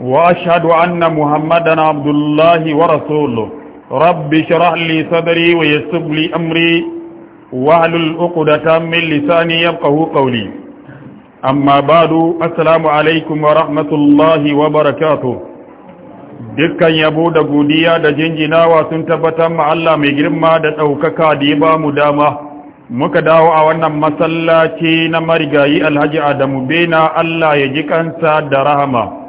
وأشهد Muhammadan محمدا عبد الله ورسوله رب شرح لي صدري ويسر لي أمري وعلى الأقدة من لساني يبقه قولي أما بعد السلام عليكم ورحمة الله وبركاته dukkan yabo da godiya da jinjinawa sun tabbatar ma Allah mai girma da ɗaukaka da ya ba mu dama muka dawo a wannan masallaci na marigayi alhaji Adamu Bena Allah ya ji kansa da rahama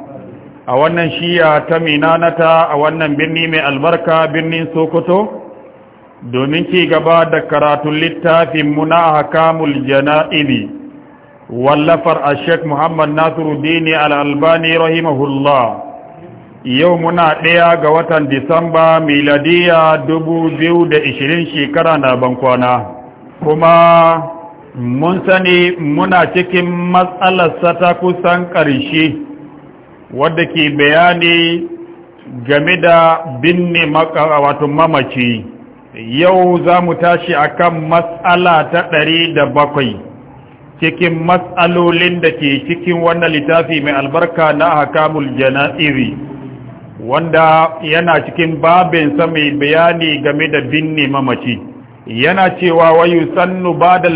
a wannan shiya ta minanata a wannan birni mai albarka birnin sokoto domin ci gaba da karatun littafin muna hakamul jana'ibi wallafar a sheik muhammad nasiruddini al'albani rahimahullah yau muna ɗaya ga watan disamba miladiya 2020 shekara na bankwana kuma mun sani muna cikin matsalarsa ta kusan ƙarshe wadda ke bayani game da binne wato mamaci yau za mu tashi kan matsala ta ɗari da bakwai cikin matsalolin da ke cikin wannan littafi mai albarka na hakamul jana'iri wanda yana cikin babinsa mai bayani game da binne mamaci yana cewa wayu sannu ba da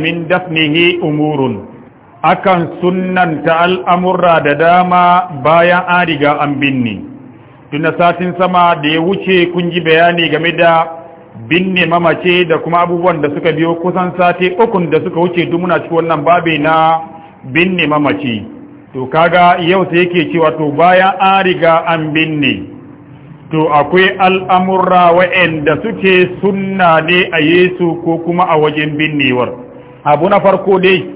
min dafnihi umurun akan sunnanta al'amurra da dama bayan an riga an binne tunda satin sama da ya wuce kun ji bayani game da binne mamace da kuma abubuwan da suka biyo kusan sati ukun da suka wuce duk muna cikin wannan babe na binne mamace to kaga yau sai yake cewa to bayan an riga an binne to akwai al'amurra wayanda suke sunna ne a yesu ko kuma a wajen binnewar abu na farko dai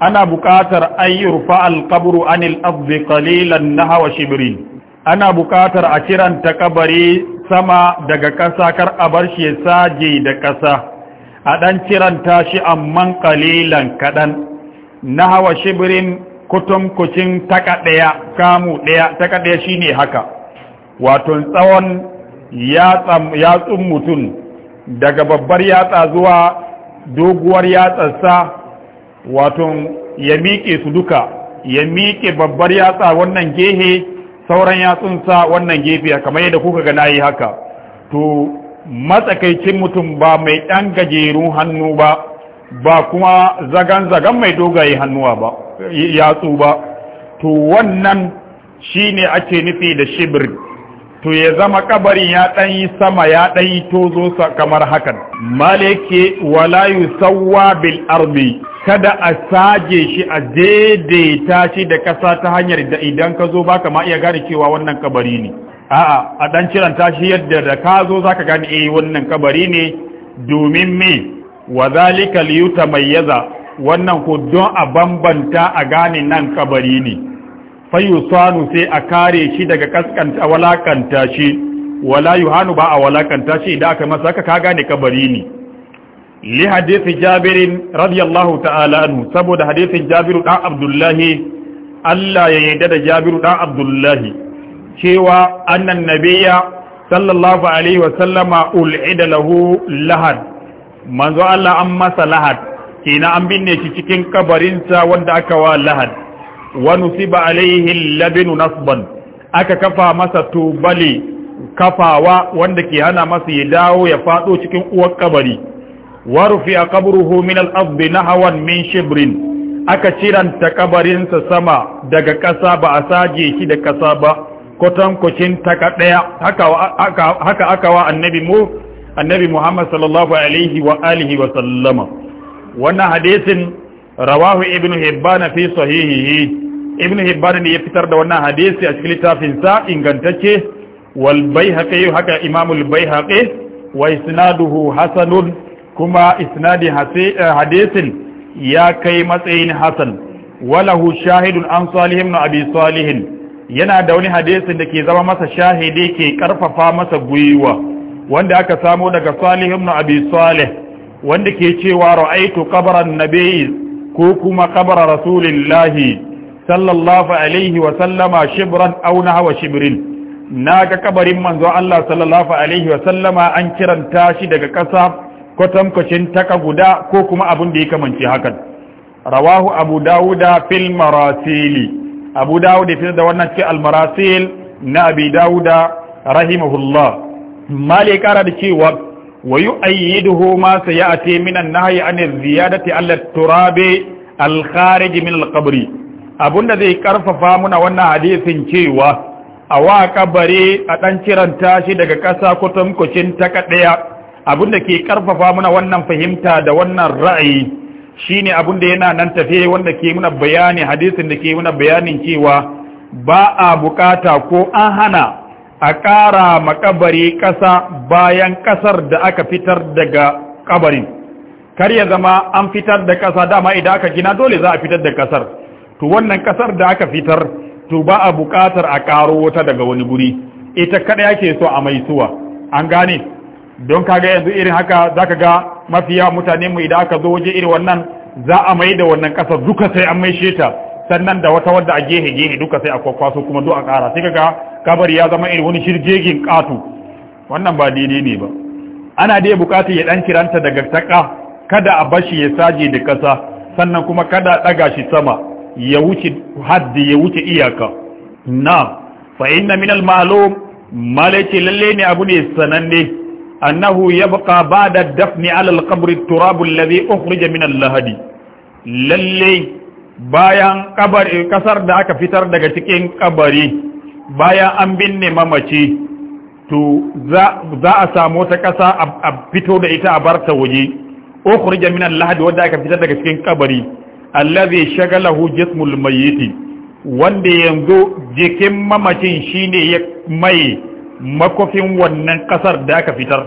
ana buƙatar an yi rufa alƙaburu anil abdi ƙalilan na hawa shibiri ana buƙatar a kiranta kabari sama daga ƙasa kar a bar shi saje da ƙasa a ɗan kiranta shi amman ƙalilan kaɗan na hawa shibirin kutum kucin taka ɗaya kamu ɗaya taka ɗaya shi ne haka wato tsawon yatsun mutum daga babbar yatsa zuwa doguwar yatsarsa waton ya miƙe su duka ya miƙe babbar yatsa wannan gehe sauran yatsunsa wannan gefe kamar yadda kuka ga nayi haka to matsakaicin mutum ba mai ɗan gajerun hannu ba ba kuma zagan-zagan mai dogaye hannuwa ba yatsu ba to wannan shi ne ake nufi da shibir to ya zama kabarin ya ɗan yi sama ya ɗan yi tozo kamar hakan malike wala yusawwa bil ardi kada a sage shi a daidaita shi da ƙasa ta hanyar da idan ka zo baka ma iya gane cewa wannan kabari ne a'a a dan ciranta shi yadda da ka zo za ka gane eh wannan kabari ne domin me wa zalika liyutamayyaza wannan ko don a bambanta a gane nan kabari ne fayusanu sai a kare shi daga kaskanta walakanta shi wala yuhanu ba a walakanta shi idan aka masa ka gane kabari ne li hadithin jabirin radiyallahu ta'ala anhu saboda hadithin jabiru dan abdullahi Allah ya yarda da jabiru dan abdullahi cewa annan nabiyya sallallahu alaihi wa sallama ul'ida lahu lahad manzo Allah an masa lahad kina an binne shi cikin kabarinsa wanda aka wa lahad wa nusiba alaihi labinu nasban aka kafa masa tubali kafawa wanda ke hana masa ya dawo ya faɗo cikin uwar kabari warufi a kaburuhu min al'abdi na hawan min shibrin aka ciranta kabarinsa sama daga ƙasa ba a saje shi da ƙasa ba kwatankwacin taka ɗaya haka aka wa annabi muhammad sallallahu alaihi wa alihi wa sallama wannan hadisin rawahu ibn hibban fi sahihihi ibnu ne ya fitar da wannan hadisi a cikin littafin sa ingantacce wal baihaqi haka imamul baihaqi wa isnaduhu hasanun kuma isnadi eh, hadisin ya kai matsayin hasan walahu shahidun an salihin na abi salihin yana da wani hadisin da ke zama masa shahidi ke karfafa masa gwiwa wanda aka samo daga salihun na abi salih wanda ke cewa ra'aitu qabran nabi ko kuma qabra rasulillahi sallallahu alaihi wa sallama shibran aw nahwa shibrin naga kabarin manzo Allah sallallahu alaihi wa sallama an kiranta shi daga kasa kwatankwacin taka guda ko kuma abin da ya kamance hakan rawahu abu dawuda fil marasili abu dawuda fitar da wannan cikin almarasil na abi dawuda rahimahullah mali kara da cewa wa yu'ayyiduhu ma sayati min an-nahyi an ziyadati ala Turabe, al-kharij min al-qabr abunda zai karfafa muna wannan hadisin cewa a wa kabare a dan ciranta shi daga ƙasa kwatankwacin taka ɗaya abinda ke karfafa muna wannan fahimta da wannan ra'ayi shine abinda yana nan tafe wanda ke muna bayani hadisin da ke muna bayanin cewa ba a bukata ko an hana a ƙara makabari ƙasa bayan ƙasar da aka fitar daga kabarin kar ya zama an fitar da ƙasa dama idan aka gina dole za a fitar da ƙasar to wannan ƙasar da aka fitar to ba a buƙatar a ƙaro wata daga wani guri ita kada yake so a mai maisuwa an gane don kaga yanzu irin haka zaka ga mafiya mutane mu idan aka zo waje irin wannan za a mai da wannan kasa duka sai an mai sheta sannan da wata wadda a gehe gehe duka sai a kwakwaso kuma duk a kara sai kaga kabari ya zama irin wani shirgegin katu wannan ba daidai ne ba ana dai bukatar ya dan kiranta daga taka kada a bashi ya saje da kasa sannan kuma kada daga shi sama ya wuce haddi ya wuce iyaka na fa inna min al malum malaki lalle ne abu ne sananne annahu yabqa ba'da ba da al-qabr at-turab alladhi ukhrija min lahadi lalle bayan kabari kasar da aka fitar daga cikin kabari bayan an binne mamaci to za a samu ta kasa a fito da ita a ta waje ukhrija min al-lahadi wanda aka fitar daga cikin kabari allazi shagalahu jismul mayyiti wanda yanzu jikin mamacin shine ya mai makofin wannan kasar da aka fitar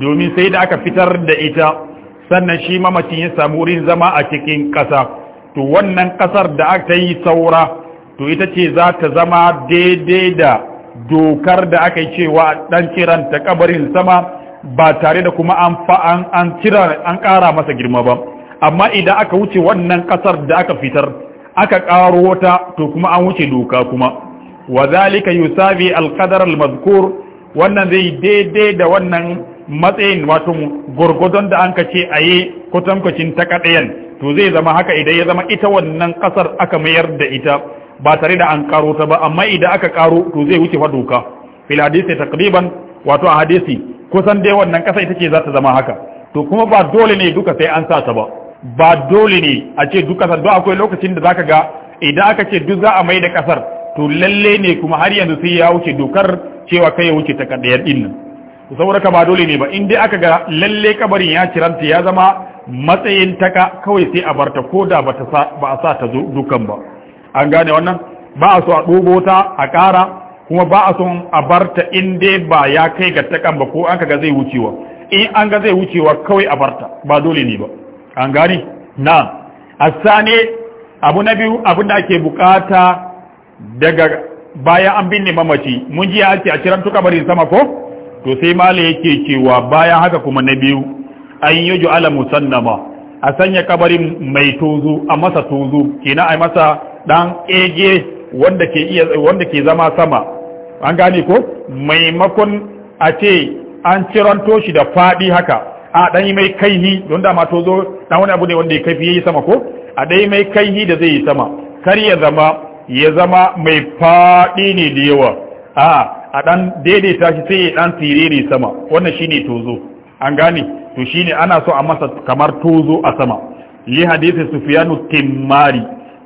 domin sai da aka fitar da ita sannan shi mamacin ya samu wurin zama a cikin ƙasa to wannan kasar da aka yi saura to ita ce za ta zama daidai da dokar da aka yi cewa dan kiran ta kabarin sama ba tare da kuma an an an kira an kara masa girma ba amma idan aka wuce wannan ƙasar da aka fitar aka karo wata to kuma an wuce doka kuma wa zalika yusabi alqadar almadhkur wannan zai daidai da wannan matsayin wato gurgudon da an kace aye kutankucin ta kadayan to zai zama haka idan ya zama ita wannan kasar aka mayar da ita ba tare da an karo ta ba amma idan aka karo to zai wuce fa doka fil hadisi taqriban wato a hadisi kusan dai wannan kasa ita ce za ta zama haka to kuma ba dole ne duka sai an sa ta ba ba dole ne a ce duka sa akwai lokacin da zaka ga idan aka ce duk za a mai da kasar to lalle ne kuma har yanzu sai ya wuce dokar cewa kai ya wuce ta din nan saboda ka ba dole ne ba in dai aka ga lalle kabarin ya ciranta ya zama matsayin taka kawai sai a barta ko da ba a sa ta zo dukan ba an gane wannan ba a so a ɗobo ta a ƙara kuma ba a son a barta in dai ba ya kai ga takan ba ko an ka ga zai wucewa in an ga zai wucewa kawai a barta ba dole ne ba an gane na asane abu na biyu abin da ake bukata daga bayan an binne mamaci mun ji ya ake a kiran tuka bari sama ko to sai mala yake cewa bayan haka kuma na biyu an yi ala musannama a sanya kabarin mai tozo a masa tozo kenan a masa dan ege wanda ke iya wanda ke zama sama an gane ko maimakon a ce an ciranto shi da fadi haka a dan yi mai kaihi don da ma tozo dan wani abu ne wanda ya kaifi yayi sama ko a dai mai kaihi da zai yi sama kar ya zama ya zama mai faɗi ne da yawa a a ɗan daidaita shi sai ya ɗan ne sama wannan shine tozo an gane to shine ana so a masa kamar tozo a sama li hadisi sufyanu timmari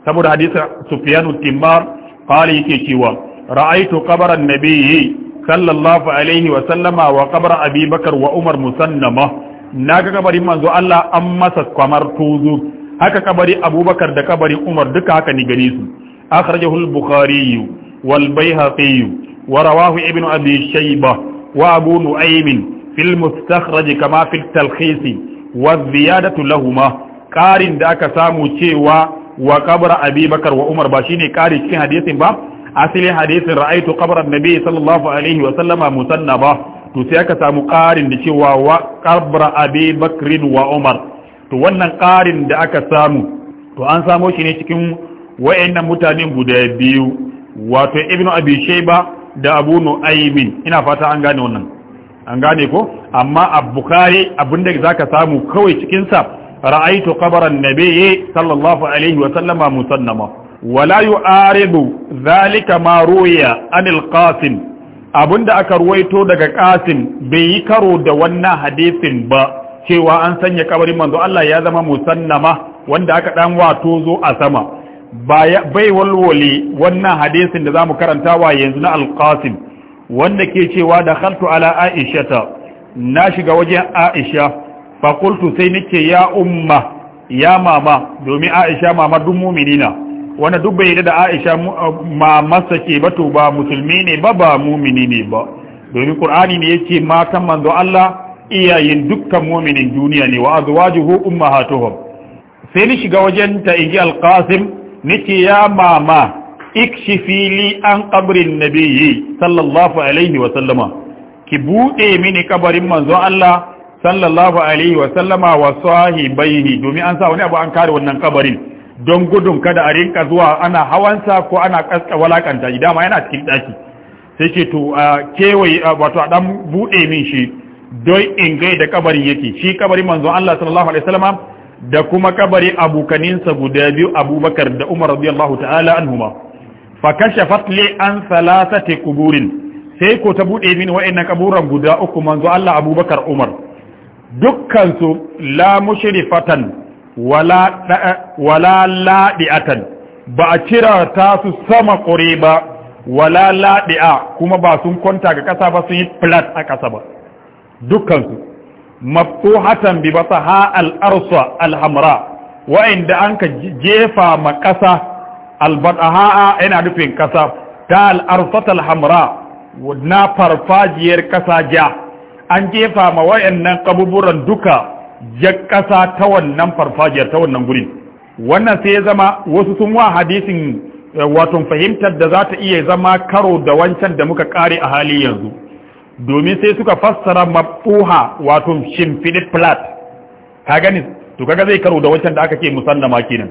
saboda hadisi sufyanu timmar qali yake cewa ra'aitu qabran nabiyyi sallallahu alaihi wa sallama wa qabra abi bakar wa umar musannama ga kabarin manzo Allah an masa kamar tozo haka kabari abubakar da kabarin umar duka haka ni gare su أخرجه البخاري والبيهقي ورواه ابن أبي شيبة وأبو نعيم في المستخرج كما في التلخيص والزيادة لهما قارن ذاك سامو تشيوا وقبر أبي بكر وعمر باشيني قارن في حديث با أصلي حديث رأيت قبر النبي صلى الله عليه وسلم مسنبا تسيك سامو قارن تشيوا وقبر أبي بكر وعمر to wannan ƙarin da aka samu to an samo shi ne cikin wa'annan mutanen guda biyu wato ibnu abi shayba da abu nu'aymin ina fata an gane wannan an gane ko amma abukari abinda zaka samu kawai cikin sa ra'aytu qabran nabiyyi sallallahu alaihi wa sallama musannama wala yu'aridu zalika ma ruya anil qasim abinda aka ruwaito daga qasim bai yi karo da wannan hadisin ba cewa an sanya kabarin manzo Allah ya zama musannama wanda aka dan wato zo a sama bai walwale wannan hadisin da za mu karanta wa yanzu na alqasim wanda ke cewa da khaltu ala aishata na shiga wajen aisha fa qultu sai nake ya umma ya mama domin aisha mama duk mu'minina wanda duk bai da aisha uh, mamarsa ke ba to ba musulmi ne ba ba mu'mini ne ba domin qur'ani ne yake matan manzo Allah iyayen dukkan mu'minin duniya ne wa azwajuhu ummahatuhum sai ni shiga wajen ta inji alqasim nake ya mama ikshifi fili an qabrin nabiyyi sallallahu alaihi wa sallama ki bude mini kabarin manzon Allah sallallahu alaihi wa sallama wa sahibaihi domin an sa wani abu an kare wannan kabarin don gudun kada a rinka zuwa ana hawansa ko ana kaska walakanta shi dama yana cikin daki sai ce to a kewaye wato a dan bude min shi don in gai da kabarin yake shi kabarin manzon Allah sallallahu alaihi wa sallama da kuma kabari abokaninsa guda biyu abubakar da umar radiyallahu ta'ala anhuma fa kashafat li an thalathati quburin sai ko ta bude mini wa'annan kaburan guda uku manzo Allah abubakar umar dukkan su la mushrifatan wala wala ladiatan ba a cira ta su sama kure ba wala ladi'a kuma ba sun kwanta ga kasa ba sun yi flat a kasa ba dukkan su maftuhatan bi basaha ha al'arsa al-hamra an anka jefa ma ƙasa al-bataha yana nufin ƙasa, ta al-arsa na farfajiyar ƙasa ja an jefa ma wayannan kabuburan duka ja ƙasa ta wannan farfajiyar ta wannan gurin wannan sai ya zama wasu sun wa hadisin eh, wato fahimtar da za ta iya zama karo da wancan da muka ƙare a hali yanzu domin sai suka fassara mabuha wato shimfiɗe flat ka gani to kaga zai karo da wancan da aka ce musallama kenan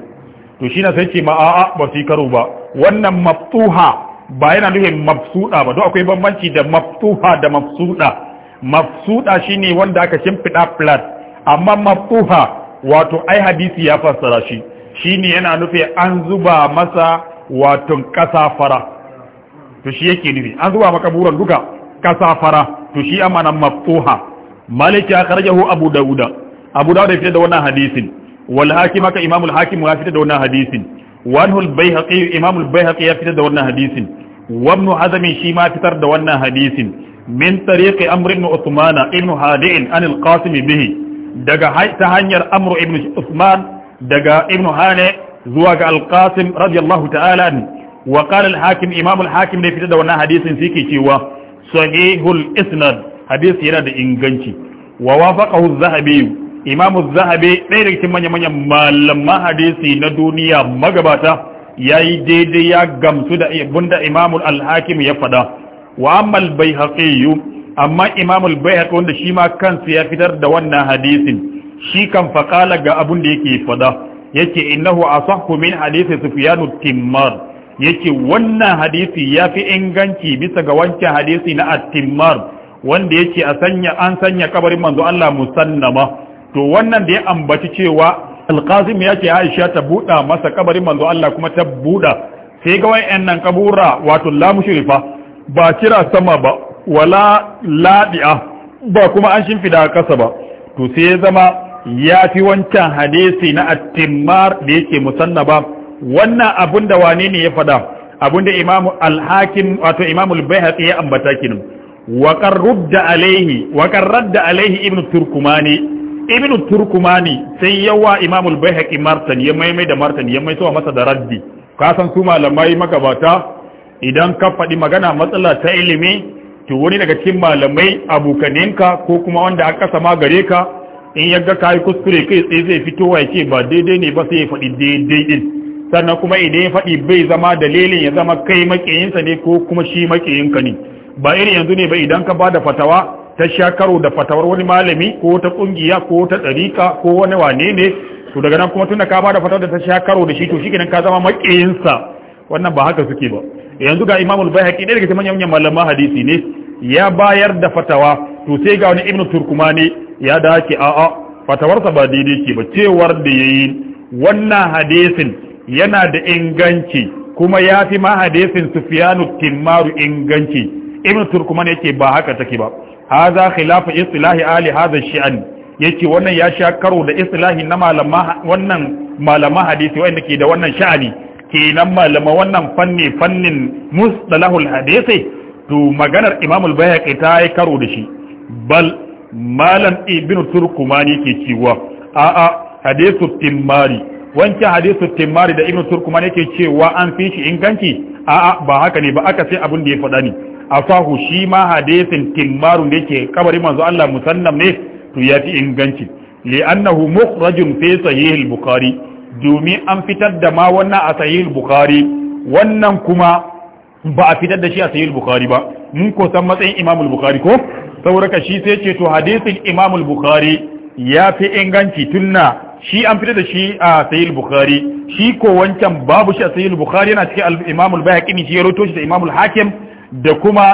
to shi na sai ce ma a'a ba su yi karo ba wannan mabuha ba yana nufin mabsuda ba don akwai bambanci da mafuha da mabsuda. Mabsuda shine wanda aka shimfiɗa flat amma mafuha wato ai hadisi ya fassara shi shine yana nufi an zuba masa wato ƙasa fara to shi yake nufi an zuba maka buran duka kasafara fara to shi amana maftuha malik ya karjahu abu dauda abu dauda ya fitar da wannan hadisin wal hakim ka imamul hakim ya fitar da wannan hadisin wanhu al bayhaqi imamul bayhaqi ya fitar da wannan hadisin wa azami shi ma fitar da wannan hadisin min tariqi amr ibn uthman ibn hadi'in an al qasim bihi daga ta hanyar amr ibn uthman daga ibn hane zuwa ga al qasim radiyallahu ta'ala wa qala al hakim imamul hakim da fitar da wannan hadisin sai ke cewa sahihul isnad hadisi yana da inganci wa wafaqahu az-zahabi imamu az-zahabi ɗaya daga cikin manya-manya malaman hadisi na duniya magabata yayi daidai ya gamsu da bunda imamu al-hakim ya fada wa amma al-baihaqi amma imamu al-baihaqi wanda shi ma kansa ya fitar da wannan hadisin shi kan faqala ga abun da yake fada yake innahu asahhu min hadisi sufyanu timmar yake wannan hadisi ya fi inganci bisa ga wancan hadisi na at wanda yake a sanya an sanya kabarin manzo Allah musannama to wannan da ya ambaci cewa al-qasim ya ce Aisha ta buɗa masa kabarin manzo Allah kuma ta buɗa sai ga wayan nan kabura wato la mushrifa ba kira sama ba wala ladi'a ba kuma an shimfida kasa ba to sai ya zama ya fi wancan hadisi na at da yake musannaba wannan abun da wane ne ya fada abun da imamu al wato imamu al ya ambata kin? wa qarrudda alaihi wa qarradda alayhi ibnu turkumani ibnu turkumani sai yawa imamu al martan ya maimai da martan ya mai so masa da raddi ka san su malamai magabata idan ka faɗi magana matsala ta ilimi to wani daga cikin malamai abokaninka ko kuma wanda aka sama gare ka in yagga ka yi kuskure kai tsaye zai fito wa yake ba daidai ne ba sai ya faɗi daidai din sannan kuma idan ya faɗi bai zama dalilin ya zama kai makiyinsa ne ko kuma shi makiyinka ne ba irin yanzu ne ba idan ka ba da fatawa ta sha karo da fatawar wani malami ko ta kungiya ko ta tsarika ko wani wane ne to daga nan kuma tunda ka ba da fatawar da ta sha karo da shi to shi ka zama makiyinsa wannan ba haka suke ba yanzu ga imamul bayhaqi ɗaya daga cikin manyan malaman hadisi ne ya bayar da fatawa to sai ga wani ibnu turkumani ya dace a'a fatawarsa ba daidai ce ba cewar da yayi wannan hadisin yana da inganci kuma ya fi ma hadisin sufiyanu timmaru inganci ibn turkuman yake ba haka take ba haza khilafu istilahi ali haza shi'an yake wannan ya sha karo da istilahi na malama wannan malama hadisi wanda ke da wannan sha'ani kenan malama wannan fanni fannin mustalahul hadisi to maganar imamul bayhaqi ta yi karo da shi bal malam ibn turkumani ke cewa a'a hadisu timmari wancan hadisu timari da ibn turkuman yake cewa an fi shi inganci a'a ba haka ne ba aka sai abin da ya faɗa ne Fahu shi ma hadisin timmarun da yake kabarin manzo Allah musannam ne to ya fi inganci li'annahu mukhrajun fi sahih bukhari domin an fitar da ma wannan a sahih bukhari wannan kuma ba a fitar da shi a sahih bukhari ba mun ko san matsayin imamul bukhari ko saboda shi sai ce to hadisin imamul bukhari ya fi inganci tunna shi an fitar da shi a sahih bukhari shi ko wancan babu shi a sahih bukhari yana cikin al-imam al-bayhaqi shi ya rawaito shi da imamul hakim da kuma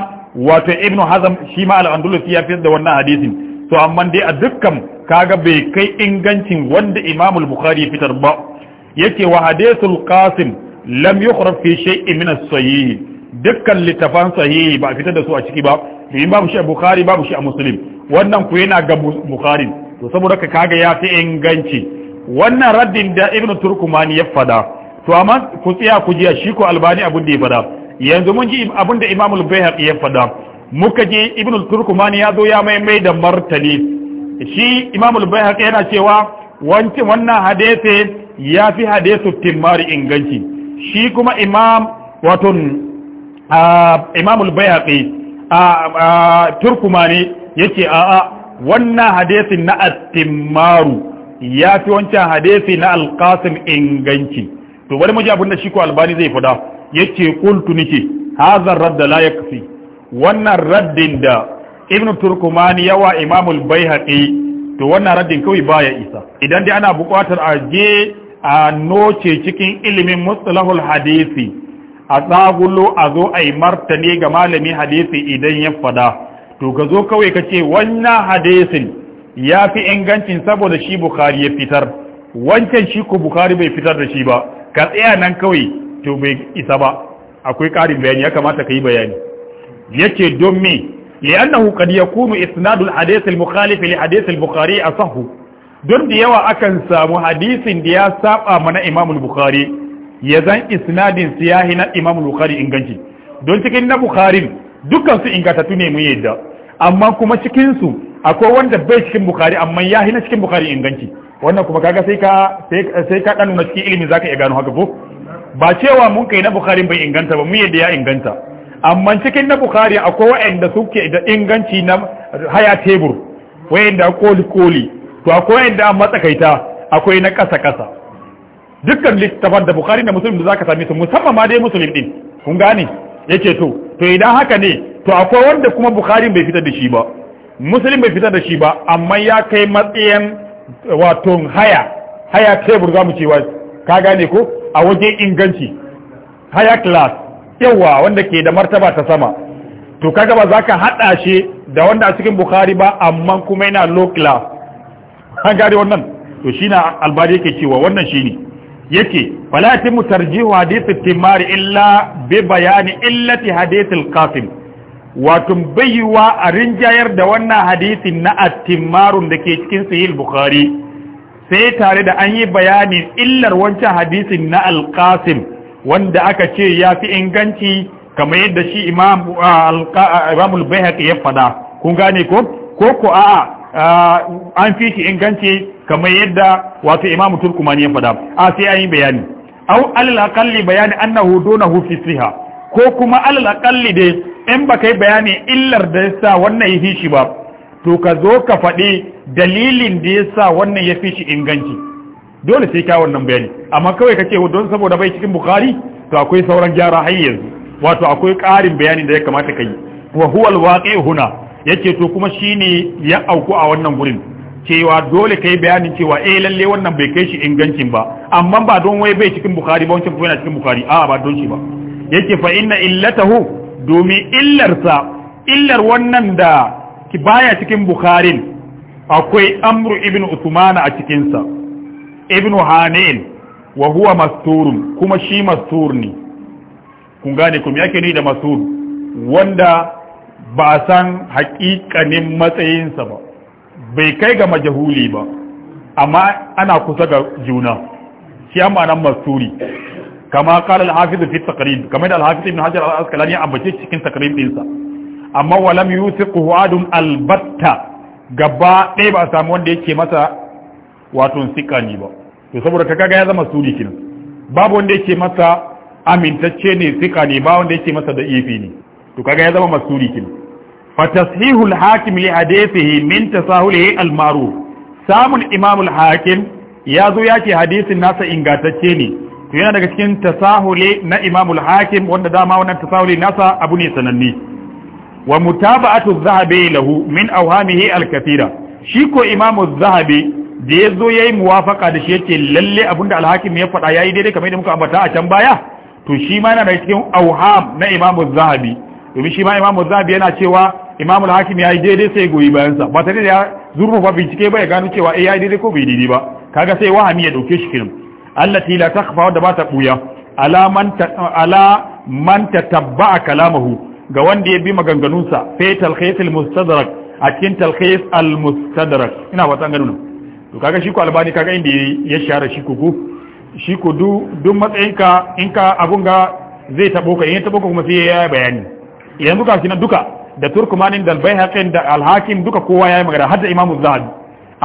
wato ibnu hazm shi ma al-andalusi ya fitar da wannan hadisin to amma dai a dukkan kaga bai kai ingancin wanda imamul al-bukhari ya fitar ba yake wa hadithul qasim lam yukhraf fi shay'in min as-sahih dukkan littafan sahihi ba a fitar da su a ciki ba domin babu shi a bukhari babu shi a muslim wannan ku yana ga bukhari to saboda ka kaga ya fi inganci wannan raddin da ibnu turkumani ya fada to amma ku tsaya ku jiya shi ko albani abun da ya fada yanzu mun ji abun da imam al-bayhaqi ya fada muka ji ibnu turkumani ya zo ya mai mai da martani shi imam al-bayhaqi yana cewa wancin wannan hadisi ya fi hadisu timmari inganci shi kuma imam wato imam al-bayhaqi turkumani yace a'a wannan hadisin na at-timmaru ya fi wancan hadisi na alqasim inganci to bari mu ji abin da shi ko albani zai fada yace qultu nike hadha radd la yakfi wannan raddin da ibn turkumani yawa imamul baihaqi to wannan raddin kawai baya isa idan dai ana buƙatar a je a noce cikin ilimin mustalahul hadisi a tsagulo a zo a yi martani ga malami hadisi idan ya fada to ka zo kawai ka ce wannan hadisin ya fi ingancin saboda shi bukari ya fitar wancan shi ku bukari bai fitar da shi ba ka tsaya nan kawai to bai isa ba akwai ƙarin bayani ya kamata ka yi bayani yake don me li'annahu qad yakunu isnadul hadith al-mukhalif li hadith al a sahu? don da yawa akan samu hadisin da ya saba mana imam ya zan isnadin siyahi na imam inganci don cikin na bukhari dukkan su ingantattu ne mu yadda amma kuma cikinsu akwai wanda bai cikin bukari amma ya na cikin bukari inganci wannan kuma kaga sai ka sai ka dan cikin ilimi zaka iya gano haka ko ba cewa mun kai na bukari bai inganta ba mu yadda ya inganta amma cikin na bukari akwai wa'anda suke da inganci na haya tebur wa'anda koli koli to akwai wa'anda a matsakaita akwai na kasa kasa dukkan littafan da bukari da musulmi da zaka same su musamman ma dai musulmi din kun gane yake to to idan haka ne to akwai wanda kuma bukari bai fitar da shi ba musulun bai fitar da shi ba amma ya kai matsayin wato haya haya tebur za mu cewa ka gane ko a waje inganci haya class yawa wanda ke da martaba ta sama to kaga ba za ka haɗa shi da wanda a cikin bukari ba amma kuma yana low class an gane wannan to shi na albari yake cewa wannan shi ne yake falatin mu tarjihu hadithu timari illa bi bayani illati hadithul qasim wato baiwa a rinjayar da wannan hadisin na attimarun da ke cikin sahih bukhari sai tare da an yi bayanin illar wancan hadisin na alqasim wanda aka ce ya fi inganci kamar yadda shi imam uh, al-bayhaqi ya fada kun gane ko ko ko a, uh, an fi shi inganci kamar yadda wato imam turkumani ya fada a sai an yi bayani au alal aqalli bayani annahu dunahu fi siha ko kuma alal akalli dai in baka yi bayani illar da ya sa wannan ya fi shi ba to ka zo ka faɗi dalilin da ya sa wannan ya fi shi inganci dole sai ka wannan bayani amma kawai ka ce oh, don saboda bai cikin bukari to akwai sauran gyara har yanzu wato akwai ƙarin bayani da ya kamata ka yi wa huwal waƙe huna yake to kuma shine ya auku a wannan gurin cewa dole kai bayanin cewa eh lalle wannan bai kai shi ingancin ba amma ba don wai bai cikin bukari ba wancan kuma yana cikin bukari a'a ba don shi ba yake fa inna illatahu domin illarsa illar wannan da ki baya cikin bukharin akwai amru ibn usman a cikinsa ibn hanil wa huwa masturun kuma shi mastur ne kun gane kuma yake ni da mastur wanda ba san haƙiƙanin matsayinsa ba bai kai ga majahuli ba amma ana kusa ga juna shi amma nan masturi kama qala al-hafiz fi taqrib kama da al-hafiz ibn hajar al-asqalani ambace cikin taqrib din sa amma walam yuthiquhu adum al-batta gaba dai ba samu wanda yake masa wato sika sikani ba to saboda ka kaga ya zama suri kinan babu wanda yake masa amintacce ne sika ne ba wanda yake masa da ifi ne to kaga ya zama masuri kinan fa tashihu al-hakim li hadithihi min tasahulihi al-ma'ruf samun imam al-hakim ya zo ya ce hadisin nasa ingantacce ne to yana daga cikin tasahuli na imamul hakim wanda dama wannan tasahuli nasa abu ne sananne wa mutaba'atu zahabi lahu min awhamihi al-kathira shi ko imamu zahabi da ya zo yayi muwafaka da shi yake lalle abinda al-hakim ya faɗa yayi daidai kamar yadda muka ambata a can baya to shi ma yana da cikin awham na imamu zahabi domin shi ma imamu zahabi yana cewa imamu al-hakim yayi daidai sai goyi bayansa. sa ba tare da ya zurfafa bincike ba ya gano cewa eh yayi daidai ko bai daidai ba kaga sai wahami ya dauke shi kirim allati la takhfa wadda ba ta buya ala man ta ala man kalamahu ga wanda ya bi maganganunsa fa talkhis al mustadrak a cikin talkhis al mustadrak ina ba tan ganin to kaga shi ku albani kaga inda ya share shi kuku shi ku du duk ka in ka abun ga zai tabo ka in ya tabo ka kuma sai ya yi bayani yanzu ka kina duka da turkumanin da albayhaqin da alhakim duka kowa ya yi magana har da imamu zahabi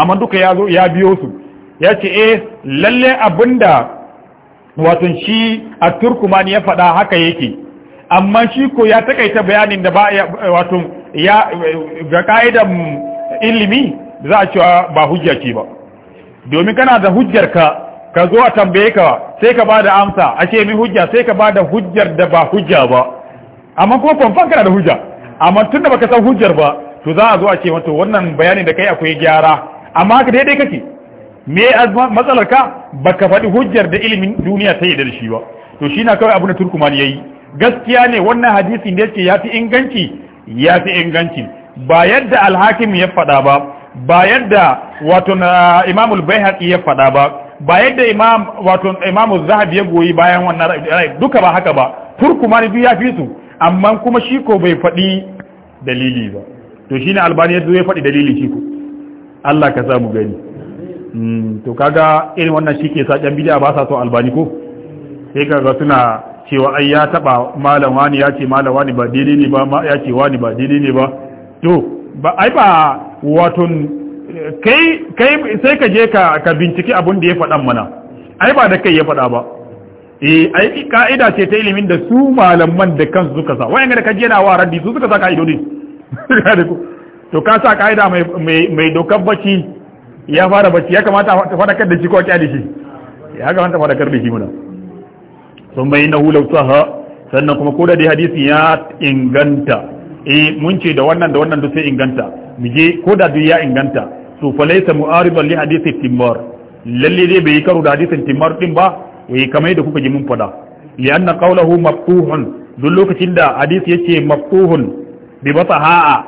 amma duka ya zo ya biyo su ya ce eh lalle abinda wato shi a turkumani ya faɗa haka yake amma shi ko ya takaita bayanin da ba wato ya ga ka'idan ilimi za a cewa ba hujja ce ba domin kana da hujjar ka ka zo a tambaye ka sai ka bada amsa a ce mi hujja sai ka bada hujjar da ba hujja ba amma kuma kwamfan kana da hujja amma tun da baka san hujjar ba to za a zo a ce wato wannan bayanin da kai akwai gyara amma haka daidai kake me matsalar ka baka faɗi hujjar da ilimin duniya ta yi da shi ba to shi na kawai abu na turkuman ya yi gaskiya ne wannan hadisi da yake ya fi inganci ya fi inganci ba yadda alhakim ya faɗa ba ba yadda wato na imamul bayhaqi ya faɗa ba ba yadda imam wato imamul zahabi ya goyi bayan wannan ra'ayi duka ba haka ba turkuman duk ya fi su amma kuma shi ko bai faɗi dalili ba to shine albani ya zo ya faɗi dalili shi ko Allah ka samu gani Hmm, to kaga irin wannan shi ke sa ƴan bid'a ba sa so albani ko sai kaga suna cewa ai ya taba malam wani ya ce malam wani ba daidai ne ba ma ya ce wani ba daidai ne ba to ba ai ba wato kai kai sai ka je ka ka binciki abin da ya faɗan mana ai ba da kai ya faɗa ba eh ai ka'ida ce ta ilimin da su malaman da kansu suka sa wayan da ka je na wa su suka sa ka'idodi to ka sa ka'ida mai mai dokar bacci ya fara bacci ya kamata ta fadakar da shi ko kyale shi ya kamata fadakar da shi muna sun bai na hula saha sannan kuma koda dai hadisi ya inganta eh mun ce da wannan da wannan duk sai inganta mu je koda duk ya inganta su falaita mu'ariban li hadisi timmar lalle dai bai karu da hadisin timmar din ba eh kamar da kuka ji mun fada li anna qawluhu maftuhun duk lokacin da hadisi yace maftuhun bi basaha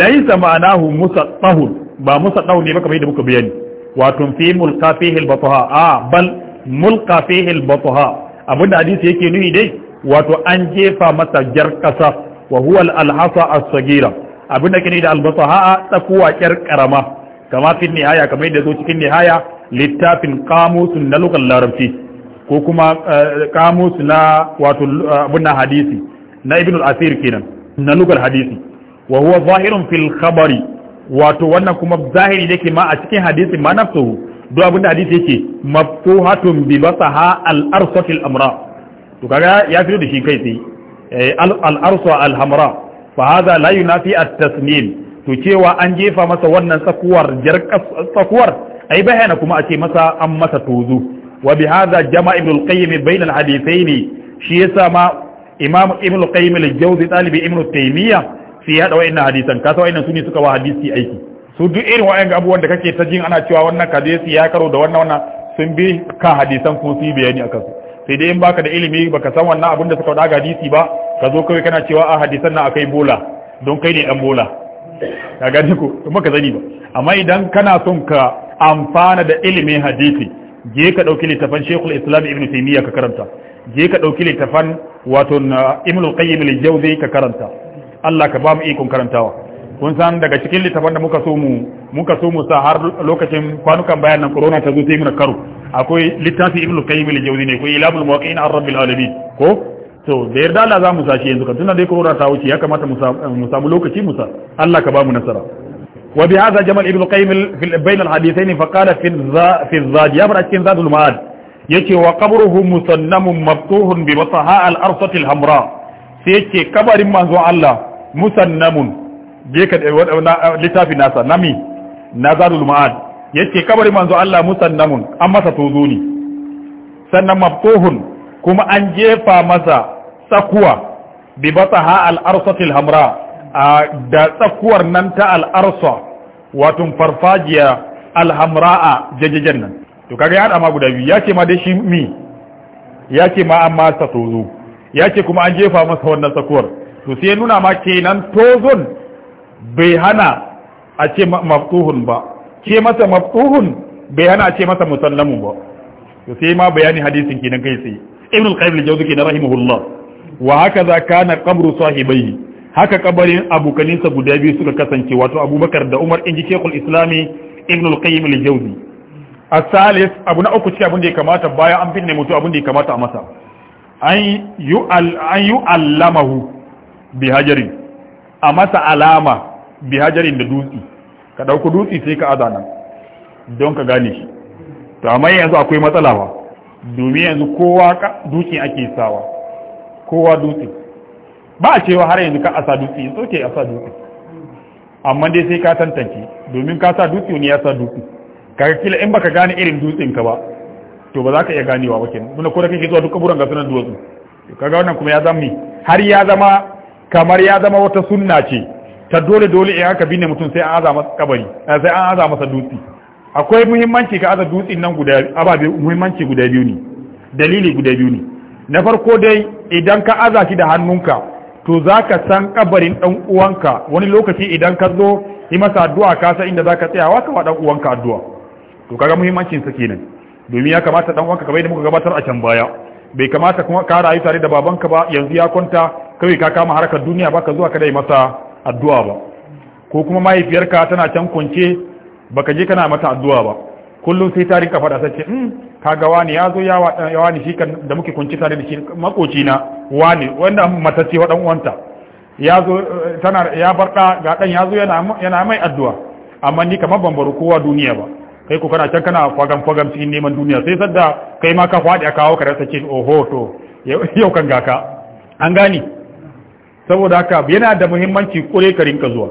laysa ma'anahu musattahun ba musa dau ne ba kamar yadda muka bayani wato fi mulka fihi al-batha a bal mulka fihi al-batha abinda hadisi yake nuhi dai wato an jefa masa jar kasa wa huwa al-hasa as-sagira abinda kini da al-batha tsakuwa kyar karama kama fi nihaya kamar yadda zo cikin nihaya littafin kamusun na lukan larabci ko kuma eh, kamus na wato abin hadisi na ibn al-asir kenan na lugal hadisi wa huwa zahirun fil wato wannan kuma zahiri yake ma a cikin hadisi ma nafsuhu duk abinda hadisi yake maftuhatun bi basaha al arsatil amra to kaga ya fito da shi kai tsaye eh, al arsa al hamra fa hadha la yunafi at tasmim to cewa an jefa masa wannan sakuwar jar sakuwar ai bayana kuma a ce masa an masa tozu wa bi hadha jama ibn al qayyim bayna al hadithaini shi yasa ma imam ibn al qayyim al jawzi talibi ibn taymiyah sai ya dawo ina hadisan ka san wayannan sune suka wa hadisi aiki su duk irin wayannan abubuwan da kake ta jin ana cewa wannan dai ya karo da wannan wannan sun bi ka hadisan ko su bayani akan su sai dai in baka da ilimi baka san wannan abin da suka faɗa ga hadisi ba ka zo kawai kana cewa a ah, hadisan nan akai bola don kai ne dan bola ka gani ko kuma ka zani ba amma idan kana son ka amfana da ilimin hadisi je ka dauki littafan Sheikhul Islam Ibn Taymiyyah ka karanta je ka dauki littafan wato Ibn Qayyim al-Jawzi ka karanta Allah ka ba mu ikon karantawa kun san daga cikin littafan da muka so mu muka so mu sa har lokacin kwanukan bayan nan corona ta zo ta yi karo akwai littafi ibn qayyim al-jawzi ne ko ilamul muwaqqi'in ar-rabbil alamin ko to da yarda Allah za mu sashi yanzu kan tunda dai corona ta wuce ya kamata mu samu lokaci mu sa Allah ka ba mu nasara وبهذا جمل ابن القيم بين الحديثين فقال في في الزاد يبرأ كن زاد المعاد يكي وقبره مصنم مفتوح ببطحاء الأرصة الحمراء سيكي كبر manzo Allah. musannamun je ka littafi nasa nami nazarul ma'ad yace kabari manzo Allah musannamun an masa tuzuni ne sannan mabtuhun kuma an jefa masa tsakuwa bi bataha al arsatil hamra da tsakuwar nan ta al arsa wato farfajiya al hamra'a jajajen nan to kaga ya ma guda biyu yace ma dai shi mi yace ma an masa tozo yace kuma an jefa masa wannan tsakuwar to sai nuna ma kenan tozon bai hana a ce maftuhun ba Ke masa maftuhun bai hana a ce masa musallamun ba to sai ma bayani hadisin kenan kai tsaye ibn al-qayyim al-jawzi kenan rahimahullah wa hakaza kana qabru sahibaihi haka kabarin abokaninsa guda biyu suka kasance wato abubakar da umar inji shekul islami ibn al-qayyim al-jawzi as-salis abu na uku ce abin da ya kamata bayan an binne mutu abin da ya kamata a masa an yi an yu'allamahu bi a masa alama bi hajarin da dutsi ka dauko dutsi sai ka azana don ka gane shi to amma yanzu akwai matsala ba domin yanzu kowa dutsi ake sawa kowa dutsi. ba a cewa har yanzu ka asa in yanzu ke asa dutsi. amma dai sai ka tantance domin ka sa dutsi ne ya sa ka ga kila in baka gane irin dutsin ka ba to ba za ka iya ganewa ba kenan muna ko da kake zuwa duk kaburan ga sunan Ka kaga wannan kuma ya zama har ya zama kamar ya zama wata sunna ce ta dole dole in aka binne mutum sai an aza masa kabari eh, sai an aza masa dutsi akwai muhimmanci ka aza dutsin nan guda ababe muhimmanci guda biyu ne dalili guda biyu ne na farko dai idan ka aza shi da hannunka to zaka san kabarin dan uwanka wani lokaci idan ka zo yi masa addu'a ka san inda zaka wa ka wa dan uwanka addu'a to kaga muhimmancin sa kenan domin ya kamata dan uwanka ka bai da muka gabatar a can baya bai kamata kuma ka rayu tare da babanka ba yanzu ya kwanta kawai ka kama harkar duniya ka zuwa kada dai masa addu'a ba ko kuma mahaifiyarka tana can kunce baka je kana mata addu'a ba kullum sai ta rinka faɗa sace in hmm, kaga wani ya zo ya wani shi kan da muke kunci tare da shi makoci na wani wanda mata ce wadan uwanta ya zo tana ya bar ga dan ya zo yana yana mai addu'a amma ni kamar ban baro kowa duniya ba kai ko kana can kana fagan fagan cikin neman duniya sai sadda kai ma ka faɗi a kawo ka rasa ce oho to yau kan gaka an gani saboda haka yana da muhimmanci kure ka rinka zuwa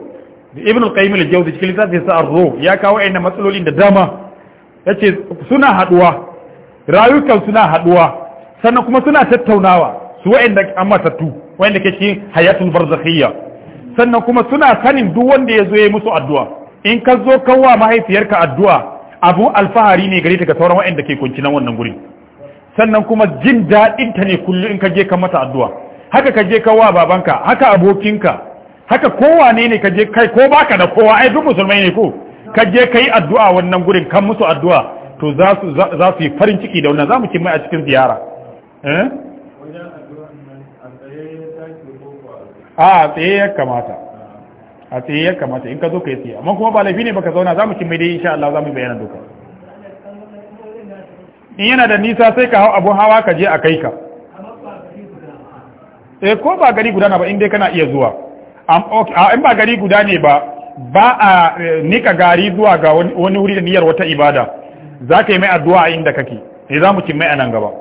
ibn al-qayyim al-jawzi cikin littafin sa ar-ruh ya kawo ayyana matsalolin da dama yace suna haduwa rayukan suna haduwa sannan kuma suna tattaunawa su wa'anda amma tattu wa'anda ke cikin hayatul barzakhiyya sannan kuma suna sanin duk wanda ya zo ya musu addu'a in ka zo wa mahaifiyarka addu'a abu alfahari ne gare ta ga sauran wa'anda ke kunci nan wannan guri sannan kuma jin daɗin ta ne kullum in ka je ka mata addu'a haka ka je kawa babanka haka abokinka haka kowa ne ne ka je kai ko baka da kowa ai duk musulmai ne ko ka je kai addu'a wannan gurin kan musu addu'a to za su za su yi farin ciki da wannan zamu kin mai a cikin ziyara eh a tsaye ya kamata a tsaye ya kamata in ka zo kai yi tsaye amma kuma ba laifi ne baka zauna zamu kin mai dai insha Allah zamu bayyana duka in yana da nisa sai ka hau abun hawa ka je a kai ka eh ko ba gari guda na ba in kana iya zuwa in ba gari guda ne ba ba a eh, nika gari zuwa ga wani wuri da niyyar wata ibada za ka yi mai addu'a a inda kake ne eh, za mu mai a nan gaba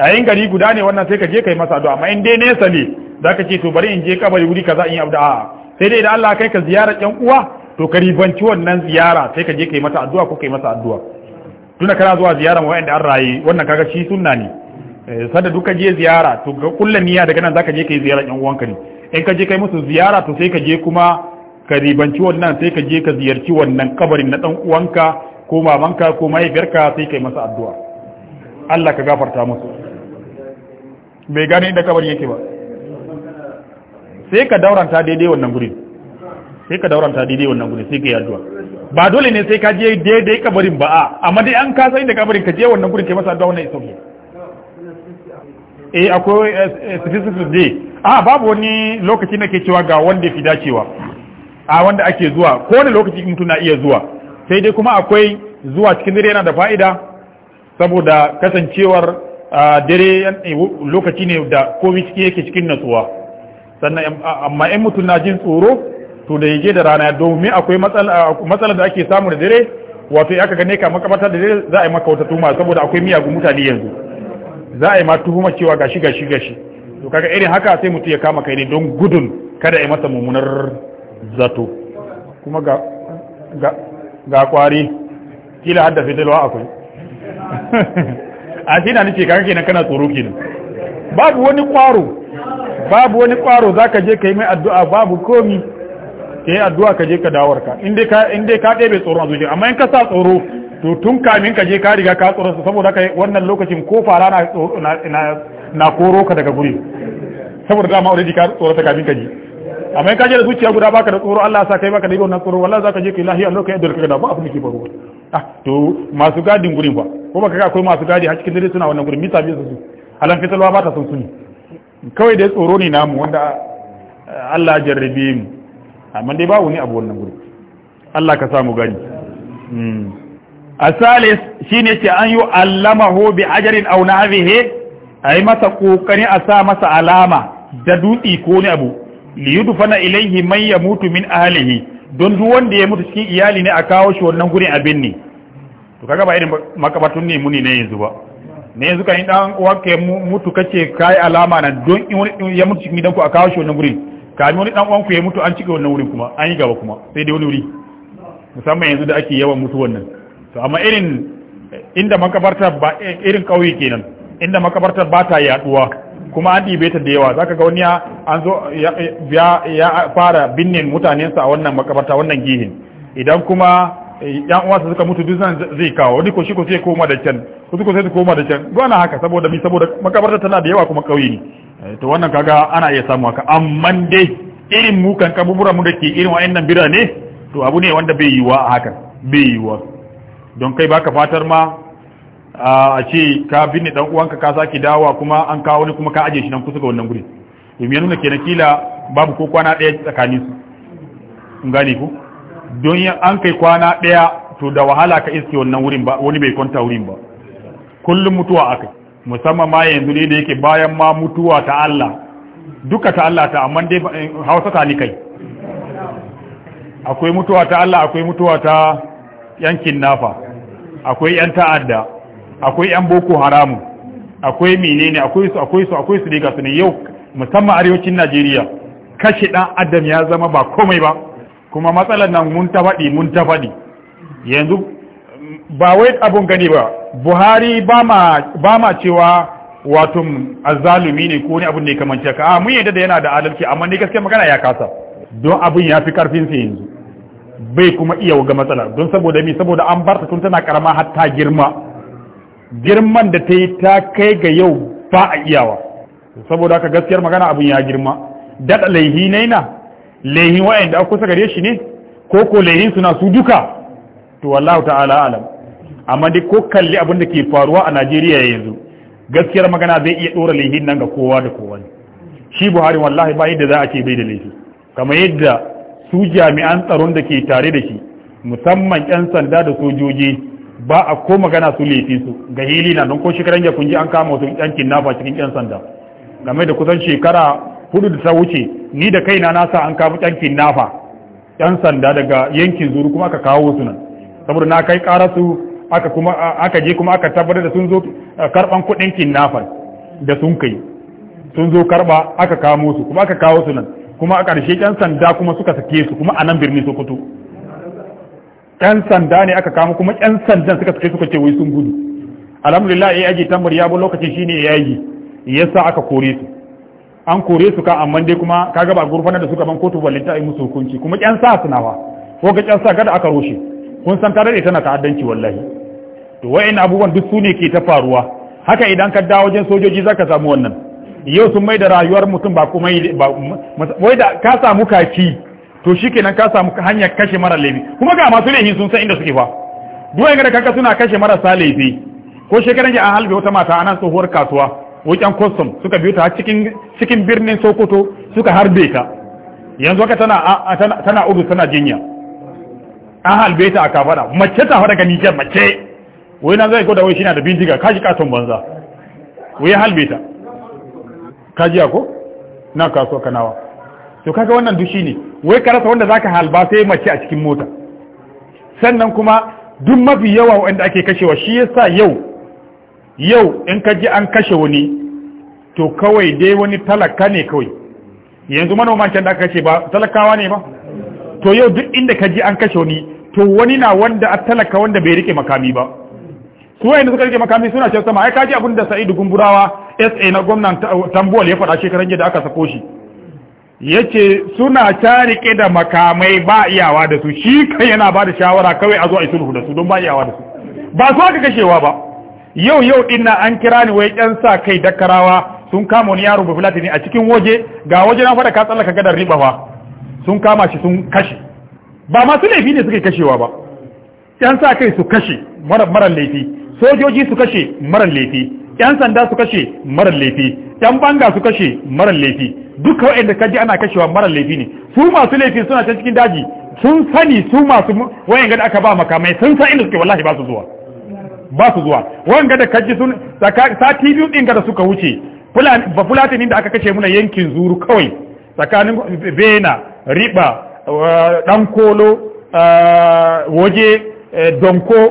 a yin gari guda ne wannan sai ka je ka yi masa addu'a amma in dai nesa ne za ka ce to bari in je kabari wuri kaza in yi abu da sai dai da Allah kai ka ziyara ƴan uwa to ka ribanci wannan ziyara sai ka je ka yi mata addu'a ko ka yi masa addu'a tunda kana zuwa ziyara wa'anda an raye wannan kaga shi sunna ne Eh, sada duka je ziyara to ga kullum niyya daga nan zaka je kai ziyara yan uwanka ne in ka je kai musu ziyara to sai ka je kuma ka ribanci wannan sai ka je ka ziyarci wannan kabarin na dan uwanka ko mamanka ko mahaifiyarka sai kai masa addu'a Allah ka gafarta musu bai gane inda kabarin yake ba sai ka dauranta daidai wannan gurin sai ka dauranta daidai wannan gurin sai ka yi addu'a ba dole ne sai ka je daidai kabarin ba a amma dai an ka san inda kabarin ka je wannan gurin kai masa addu'a wannan isa eh akwai eh, eh, specific day a ah, babu wani lokaci na ke cewa ga wanda ya fi dacewa a wanda ake zuwa ko wani lokaci mutum na iya zuwa sai dai kuma akwai zuwa cikin dare yana da fa'ida saboda kasancewar dare eh, lokaci ne da komi ciki yake cikin natsuwa sannan amma in mutum na jin tsoro to da yaje da rana domin akwai matsala da ake samu da dare wato ya ka gane ka makamata da dare za a yi maka wata tuma saboda akwai miyagun mutane yanzu za a yi ma tuhuma cewa gashi gashi gashi to kaga irin haka sai mutum ya kama kai ne don gudun kada ya masa mummunar zato kuma ga ga ga kwari kila hadda fitilwa akwai a shi na nace kaga kenan kana tsoro kenan babu wani kwaro babu wani kwaro zaka je kai mai addu'a babu komi kai addu'a ka je ka dawarka Inde ka dai ka ɗebe tsoro a zuciya amma in ka sa tsoro to tun kamin ka je ka riga ka tsoro su saboda kai wannan lokacin ko fara na na na koro ka daga guri saboda dama already ka tsoro ta kamin ka je amma ka je da zuciya guda baka da tsoro Allah sa kai baka da wannan tsoro wallahi zaka je kai Allah kai da ka da ba abu ne ke faruwa ah to masu gadin gurin ba ko baka ga akwai masu gadi a cikin dare suna wannan gurin mita biyu su halan fitalwa ba ta son suni kawai dai tsoro ne namu wanda Allah ya jarrabe mu amma dai ba wani abu wannan gurin Allah ka samu gani mm asalis shine ce an yi allamahu bi hajarin aw nahwihi ai masa kokari a sa masa alama da dutsi ko ne abu li yudfana ilayhi man mutu min ahlihi don duk wanda ya mutu cikin iyali ne a kawo shi wannan gurin abin ne to kaga ba irin makabatun ne muni ne yanzu ba ne yanzu kan dan uwanka mutu kace kai alama na don in wani ya mutu cikin gidanku a kawo shi wannan gurin kami wani dan uwanku ya mutu an cika wannan wurin kuma an yi gaba kuma sai dai wani wuri musamman yanzu da ake yawan mutu wannan to amma irin inda makabarta ba irin kauye kenan inda makabarta ba ta yaduwa kuma an ɗibe ta da yawa zaka ga wani an zo ya fara binne mutanensa a wannan makabarta wannan gihin idan kuma yan uwansa suka mutu duk zai kawo wani ko shi ko sai koma da can ko su ko sai koma da can gwana haka saboda mi saboda makabarta tana da yawa kuma kauye ne eh, to wannan kaga ana iya samu haka amma dai irin mukan kabubura mu da ke irin wa'annan birane to abu ne wanda bai yiwa a hakan bai yiwa don kai baka fatar ma a ce ka binne dan uwanka ka saki dawa kuma an kawo ne kuma ka aje shi nan kusa ga wannan guri domin ya nuna kenan kila babu ko kwana daya tsakanin su kun gane ku don an kai kwana daya to da wahala ka iske wannan wurin ba wani bai kwanta wurin ba kullum mutuwa akai musamman ma yanzu ne da yake bayan ma mutuwa ta Allah duka ta Allah ta amma dai eh, hausa ta ni kai akwai mutuwa ta Allah akwai mutuwa ta yan kinnafa akwai yan ta'adda akwai yan boko haramu akwai menene akwai su akwai su akwai su daga su ne yau musamman arewacin Najeriya kashe dan adam ya zama ba komai ba kuma matsalar nan mun ta faɗi mun ta faɗi yanzu ba wai abun gani ba Buhari ba ma cewa wato azzalumi ne ko ne abin da ya ka a mun yadda da yana da adalci amma ne gaskiya magana ya kasa don abin ya fi karfin sa yanzu bai kuma iya ga matsala don saboda mi saboda an barta tun tana karama har ta girma girman da ta yi ta kai ga yau ba a iyawa saboda haka gaskiyar magana abun ya girma daɗa laihi na yana laihi wa'anda aka kusa gare shi ne ko ko laihi suna su duka to wallahu ta'ala alam amma dai ko kalli abin da ke faruwa a Najeriya yanzu gaskiyar magana zai iya dora laihi nan ga kowa da kowa shi Buhari wallahi ba yadda za a ce bai da laifi kama yadda su jami'an tsaron da ke tare da shi musamman 'yan sanda da sojoji ba a ko magana su laifi su ga hili na don ko shekaran ya kunji an kama wasu yan kinnafa cikin 'yan sanda game da kusan shekara hudu da ta wuce ni da kaina na sa an kama yan kinnafa 'yan sanda daga yankin zuru kuma aka kawo su nan saboda na kai kara su aka kuma aka je kuma aka tabbatar da sun zo eh, karban kuɗin kinnafa da sun kai sun zo karba aka kamo su kuma aka kawo su nan kuma a ƙarshe ƴan sanda kuma suka sake su kuma a nan birni Sokoto ƴan sanda ne aka kama kuma ƴan sandan suka sake suka ce wai sun gudu alhamdulillah ya aji tambar ya bu lokaci shine ya yi yasa aka kore su an kore su ka amma dai kuma ka gaba gurfana da suka ban kotu ballinta yi musu hukunci kuma ƴan sa wa ko ga ƴan sa gada aka roshe kun san tare da tana ta'addanci wallahi to wa'in abubuwan duk su ne ke ta faruwa haka idan ka dawo wajen sojoji zaka samu wannan yau sun mai da rayuwar mutum ba kuma wai da ka samu kaki to shikenan ka samu hanyar kashe mara laifi kuma ga masu laifi sun san inda suke fa duwayen ga kanka suna kashe marasa laifi ko shekaran ji an halbe wata mata a nan tsohuwar kasuwa wajen kwastom suka biyo ta cikin cikin birnin sokoto suka harbe ta yanzu haka tana tana udu tana jinya an halbe ta a kafada mace ta fara ga mace wai na zai ko da wai shi na da bindiga kashi katon banza wai halbe ta kaji jiya ko na kasuwa kanawa to kaga wannan dushi ne wai ka rasa wanda zaka halba sai mace a cikin mota sannan kuma duk mafi yawa wanda ake kashewa shi yasa yau yau in ka ji an kashe wani to kawai dai wani talaka ne kawai yanzu manoman can da aka kashe ba talakawa ne ba to yau duk inda ka ji an kashe wani to wani na wanda a talaka wanda bai rike makami ba su wayanda suka rike makami suna cewa sama ai kaji abin da Sa'idu Gumburawa sa na gwamnan tambuwal ya faɗa shekaran da aka sako shi yace suna ta rike da makamai ba iyawa da su shi kai yana ba da shawara kawai a zo a yi sulhu da su don ba iyawa da su ba su aka kashewa ba yau yau din na an kira ni wai yan sa kai dakarawa sun kama wani yaro bafilati a cikin waje ga waje na faɗa ka tsallaka gadar ribawa sun kama shi sun kashe ba masu laifi ne suke kashewa ba yan sa kai su kashe mara laifi sojoji su kashe mara laifi yan sanda su kashe marar laifi yan banga su kashe marar laifi duka da kaji ana kashewa marar laifi ne su masu laifi suna can cikin daji sun sani su masu waɗanda da aka ba makamai sun san inda suke wallahi ba su zuwa ba su zuwa waɗanda da kaji sun sati biyu ɗin da suka wuce ba fulatin da aka kashe muna yankin zuru kawai tsakanin bena riba eh, ɗankolo eh, waje eh, donko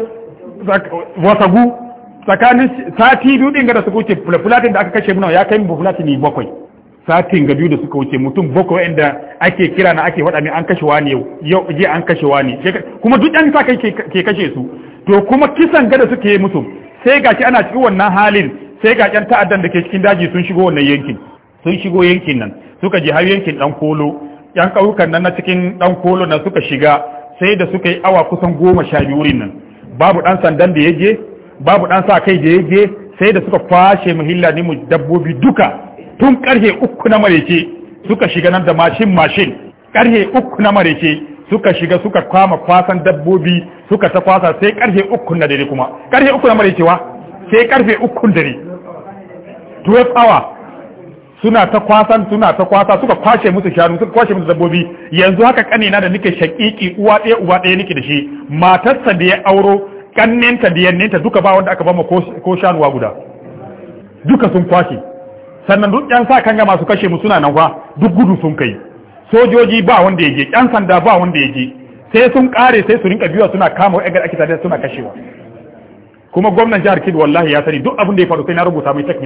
wasagu tsakanin sati biyu din gada da suka wuce fulafulatin da aka kashe muna ya kai mu ne bakwai satin ga biyu da suka wuce mutum bakwai inda ake kira na ake faɗa mai an kashe wani yau yau je an kashe wani kuma duk ɗan sa kai ke kashe su to kuma kisan gada suke musu sai gashi ana cikin wannan halin sai ga ƴan ta'addan da ke cikin daji sun shigo wannan yankin sun shigo yankin nan suka je har yankin dan kolo ƴan ƙauyukan nan na cikin dan kolo na suka shiga sai da suka yi awa kusan goma sha biyu nan babu ɗan sandan da ya je babu dan sa kai da yage sai da suka fashe muhilla ne mu dabbobi duka tun karhe uku na marece suka shiga nan da mashin mashin karhe uku na marece suka shiga suka kwama kwasan dabbobi suka ta kwasa sai karfe uku na dare kuma karfe uku na marecewa sai karfe uku dare 12 hour suna ta kwasan suna ta kwasa suka kwashe musu shanu suka kwashe musu dabbobi yanzu haka kanina da nake shakiki uwa ɗaya uwa ɗaya nake da shi matarsa da ya auro kannenta yanninta duka ba wanda aka ba ko shanuwa guda duka sun kwashe sannan duk yan sa kanga masu kashe mu suna nan fa duk gudu sun kai sojoji ba wanda ya je yan sanda ba wanda ya je sai sun kare sai su rinka biyuwa suna kama wa ake tare suna kashewa kuma gwamnan jihar Kebbi wallahi ya sani duk abin da ya faru sai na rubuta mai text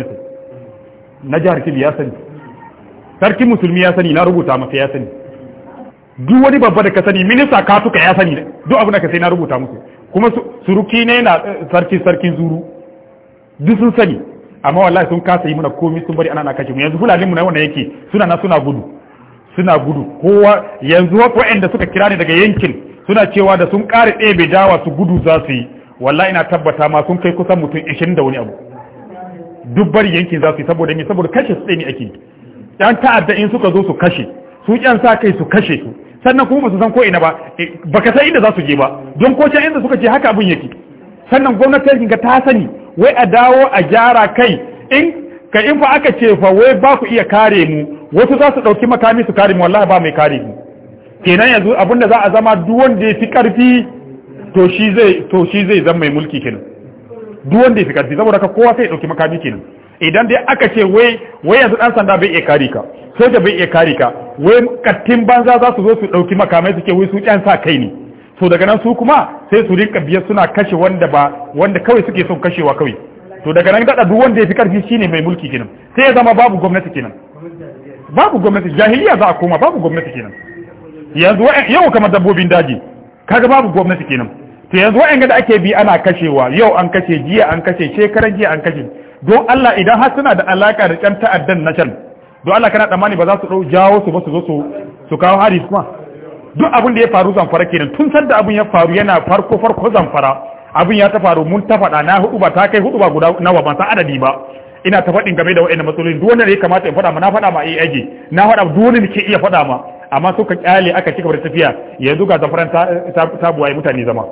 na jihar Kebbi ya sani sarki musulmi ya sani na rubuta masa ya sani duk wani babba da ka sani minista ka tuka ya sani duk abin da ka sai na rubuta musu kuma suruki ne na eh, sarki sarkin zuru duk sun sani amma wallahi sun kasa yi muna komi sun bari ana na kashe mu yanzu fulani mu na wannan yake suna na suna gudu suna gudu kowa yanzu waɗanda suka kira ni daga yankin suna cewa da sun ɗaya ɗebe dawa su gudu za su yi wallahi ina tabbata ma sun kai kusan mutum 20 da wani abu duk bari yankin za su yi saboda me saboda kashe su ne ake yan ta'adda in suka zo su kashe su yan sa kai su kashe su sannan kuma ba su san ko ina ba eh, baka san inda za su je ba don ko can inda suka ce haka abin yake sannan gwamnatin ga ta sani wai a dawo a gyara kai in ka in fa aka ce fa wai ba ku iya kare mu wasu za su ɗauki makami su kare mu wallahi ba mai kare mu kenan yanzu abin da za a zama duk wanda ya fi ƙarfi to shi zai to shi zai zama mai mulki kenan duk wanda ya fi ƙarfi saboda ka kowa sai ya ɗauki makami kenan idan dai aka ce wai wai yanzu dan sanda bai iya kare ka soja bai iya kare ka wai kattin banza za su zo su dauki makamai suke wai su dan sa kai ne to daga nan su kuma sai su rinka biyar suna kashe wanda ba wanda kawai suke son kashewa kawai to daga nan dada duk wanda ya fi karfi shine mai mulki kenan sai ya zama babu gwamnati kenan babu gwamnati jahiliya za a koma babu gwamnati kenan yanzu yau kamar dabbobin daji kaga babu gwamnati kenan to yanzu wa'anga da ake bi ana kashewa yau an kashe jiya an kashe shekaran jiya an kashe don Allah idan har suna da alaka da ƴan ta'addan na can don Allah kana tsammani ba za su dau jawo su ba su zo su su kawo hari kuma duk abin da ya faru zamfara kenan tun san da abin ya faru yana farko farko zamfara abin ya ta faru mun ta faɗa na hudu ba ta kai hudu ba guda nawa ban san adadi ba ina ta faɗin game da wa'annan matsaloli duk wanda ya kamata in faɗa ma na faɗa ma ai age na faɗa duk wanda ke iya faɗa ma amma suka kyale aka cika da tafiya yanzu ga zafaran ta ta buwaye mutane zama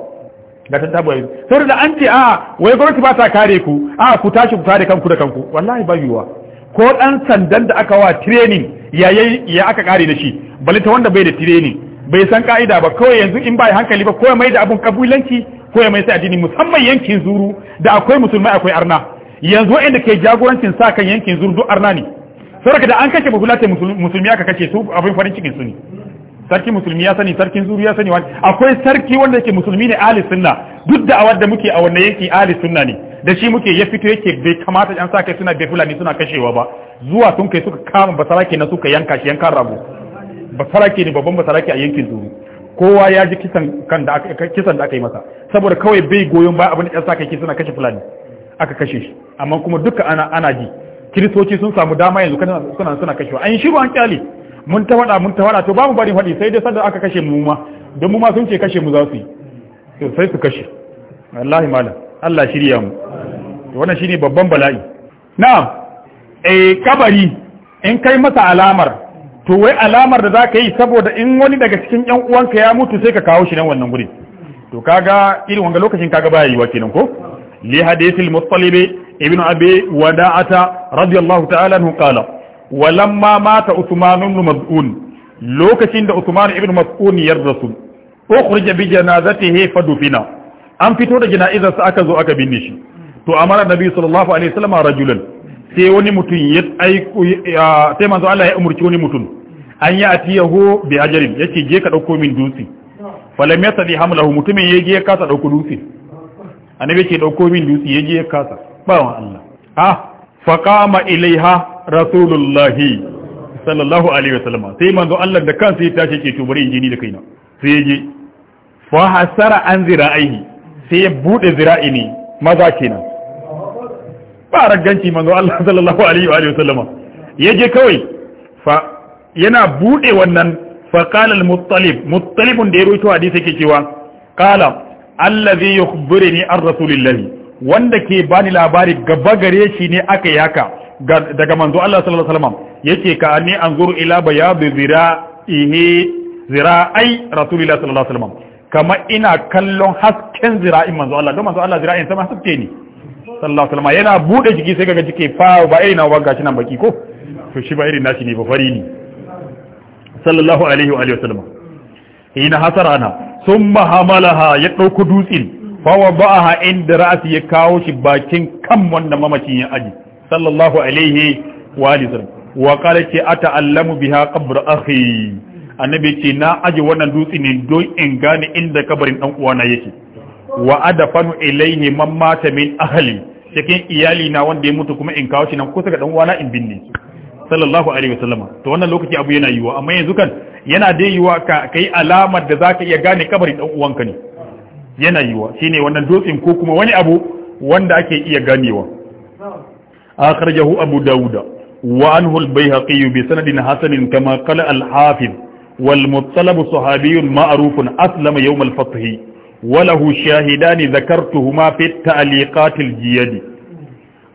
ga ta yanzu. sai da an ce a wai gwamnati ba ta kare ku a ku tashi ku kare kanku da kanku wallahi ba yiwa ko dan sandan da aka wa training ya ya aka kare da shi bali ta wanda bai da training bai san ka'ida ba kawai yanzu in ba hankali ba ko ya mai da abun kabilanci ko ya mai sai addini musamman yankin zuru da akwai musulmai akwai arna yanzu wa'anda ke jagorancin sa kan yankin zuru duk arna ne saboda da an kashe bafulatai musulmi aka kashe su abin farin cikin su ne sarki musulmi ya sani sarkin zuri ya sani wani akwai sarki wanda yake musulmi ne ahli sunna duk da awar da muke a wannan yanki ahli sunna ne da shi muke ya fito yake bai kamata an sa kai suna bai fulani suna kashewa ba zuwa sun kai suka kama basarake na suka yanka shi yankan rabu basarake ne babban basarake a yankin zuru kowa ya ji kisan kan da aka kisan da aka yi masa saboda kawai bai goyon ba abin da yan sa kai suna kashe fulani aka kashe shi amma kuma duka ana ana ji kiristoci sun samu dama yanzu kana suna suna kashewa an shiru an kyale mun ta wada mun ta wada to ba mu bari faɗi sai dai sanda aka kashe mu ma don mu ma sun ce kashe mu za su yi to sai su kashe wallahi malam Allah shirya mu to wannan shine babban bala'i na'am eh kabari in kai masa alamar to wai alamar da zaka yi saboda in wani daga cikin yan uwanka ya mutu sai ka kawo shi nan wannan guri to kaga irin wanga lokacin kaga baya wa kenan ko li hadithil muttalibi ibn abi wada'ata radiyallahu ta'ala anhu qala walamma mata Usman ibn Mas'un lokacin da Usman ibn Mas'un ya rasu ukhrija bi janazatihi fadufina an fito da jana'izarsa aka zo aka binne shi to amara nabi sallallahu alaihi wasallam rajulan sai wani mutum ya aiku sai manzo Allah ya umurci wani mutum an ya atiyahu bi ajarin yace je ka dauko min dutsi dutse falam yasadi hamlahu mutumin ya je ya kasa dauko dutse annabi ce dauko min dutsi ya je ya kasa ba wa Allah ah faqama ilaiha rasulullahi sallallahu alaihi wasallam sai manzo Allah da kansa ya tashi ke to bari injini da kaina sai yaje fa hasara an zira'ihi sai ya bude zira'i ne maza kenan ba ragganci manzo Allah sallallahu alaihi wa alihi yaje kawai fa yana bude wannan fa qala al-muttalib muttalibun da ya rawaito hadisi yake cewa qala allazi yukhbiruni an rasulillahi wanda ke bani labari gaba gare shi ne aka yi haka daga manzo Allah sallallahu alaihi wasallam yake ka anni anzuru ila bayadi zira ai rasulullahi sallallahu alaihi wasallam kama ina kallon hasken zira'in manzo Allah don manzo Allah zira'in sama haske ne sallallahu alaihi wasallam yana bude jiki sai kaga jike fa ba irin na wanga shi nan baki ko to shi ba irin nashi ne ba fari ne sallallahu alaihi wa sallam ina hasarana thumma hamalaha ya dauko dutsin fa wa ba'aha inda ra'si ya kawo shi bakin kan wannan mamacin ya aji sallallahu alaihi wa sallam wa qala ki ata'allamu biha qabr akhi annabi ce na aje wannan dutse ne don in gane inda kabarin dan uwana yake wa adafanu ilaihi man mata min ahli cikin iyali na wanda ya mutu kuma in kawo shi nan kusa ga dan uwana in binne sallallahu alaihi wasallama to wannan lokaci abu yana yiwa amma yanzu kan yana da yiwa ka kai alamar da zaka iya gane kabarin dan uwanka ne yana yiwa shine wannan dutsen ko kuma wani abu wanda ake iya ganewa akhrajahu abu dauda wa anhu al-bayhaqi bi sanadin Hassanin kama qala al-hafiz wal muttalab sahabiyyun ma'rufun aslama yawm al-fath wa lahu shahidan dhakartuhuma fi at-ta'liqat al-jiyadi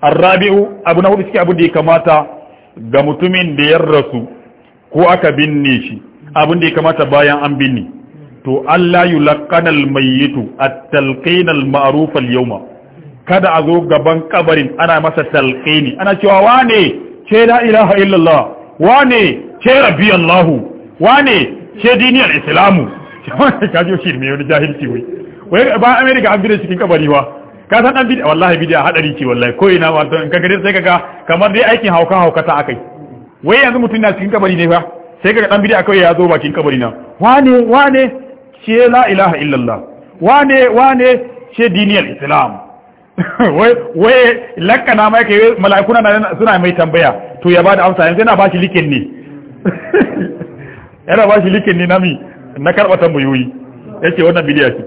الرابع abu na hudu suke abu da ya kamata ga mutumin da ya rasu ko aka binne shi abin da ya kamata bayan an binne to Allah yulaqqana al-mayyitu at-talqin al-ma'ruf al-yawma kada a zo gaban kabarin ana masa talqini ana cewa wane ce la ilaha illallah wane ce rabbi allah wane ce diniyar islamu ka ji shi me wani jahilci wai wai ba america an bide cikin kabari wa ka san an bide wallahi bide hadari ce wallahi ko ina ma don kaga sai kaga kamar dai aikin hauka hauka ta akai wai yanzu mutum na cikin kabari ne fa sai kaga dan bide akai ya zo bakin kabari na wane wane ce la ilaha illallah wane wane ce diniyar islam wai lakana mai kai mala'ikuna na suna mai tambaya to ya bada amsa yanzu yana ba shi likin ne yana ba shi likin ne na na karba tambayoyi ya ce wannan bidiya ce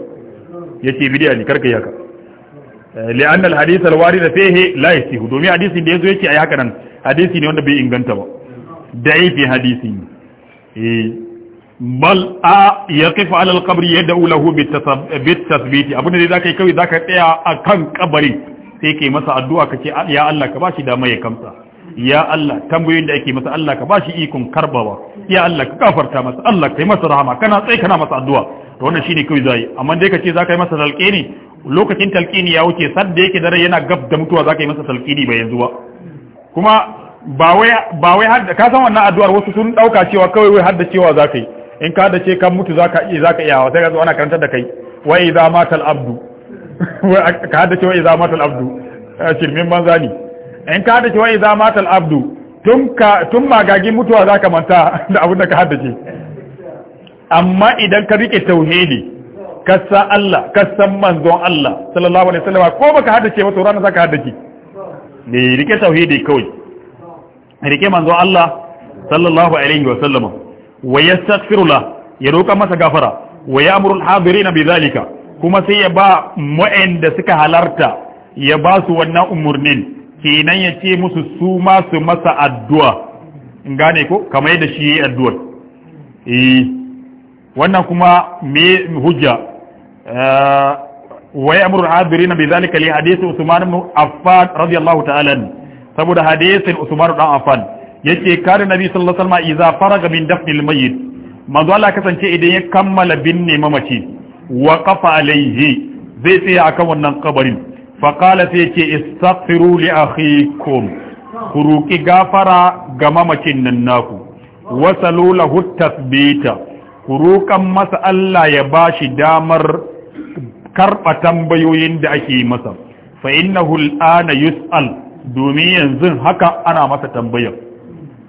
ya ce bidiya ne karka yaka eh, li'anna al-hadith al-warid fihi la yasihu domin hadisin da yazo yake ayi haka nan hadisi ne wanda bai inganta ba da'ifi hadisi ne eh bal a ya kifa alal kabri ya da'u lahu bitasbiti abun da zakai kai kawai zaka tsaya a kan kabari sai kai masa addu'a kace ya Allah ka bashi dama ya kamsa ya Allah tambayoyin da ake masa Allah ka bashi ikon karbawa ya Allah ka kafarta masa Allah kai masa rahama kana tsai kana masa addu'a to wannan shine kawai zai amma dai kace zakai yi masa talqini lokacin talqini ya wuce da yake dare yana gab da mutuwa zakai yi masa talqini ba yanzu ba kuma ba wai ba wai har ka san wannan addu'ar wasu sun dauka cewa kawai wai har da cewa zakai in ka da ce kan mutu zaka iya zaka iya sai ka zo ana karanta da kai wa za matal abdu ka da ce wa za matal abdu shirmin banza ne in ka da ce wa za matal abdu tun ka tun magagin mutuwa zaka manta da abin da ka haddace amma idan ka rike tauhidi ka san Allah ka san manzon Allah sallallahu alaihi wasallam ko baka haddace ba to ranar zaka haddace ne rike tauhidi kawai rike manzon Allah sallallahu alaihi wasallam wa yastaghfiru ya roƙa masa gafara wa ya'muru al-hadirin bi kuma sai ya ba da suka halarta ya ba su wannan umurnin kenan ya ce musu su ma su masa addu'a in gane ko kamar yadda shi yayi addu'ar eh wannan kuma me hujja wa ya'muru al-hadirin bi zalika li hadith Usman ibn Affan radiyallahu ta'ala saboda hadisin Usman ibn Affan yake kare nabi sallallahu alaihi wasallam idza faraga min dafnil mayyit manzo Allah kasance idan ya kammala binne mamaci wa qafa alaihi zai tsaya akan wannan kabarin fa qala sai yake istaghfiru li akhikum ku roki gafara ga mamacin nan naku wasalu lahu tasbita ku roƙan masa Allah ya bashi damar karɓa tambayoyin da ake masa fa innahu al'ana yus'al domin yanzu haka ana masa tambayar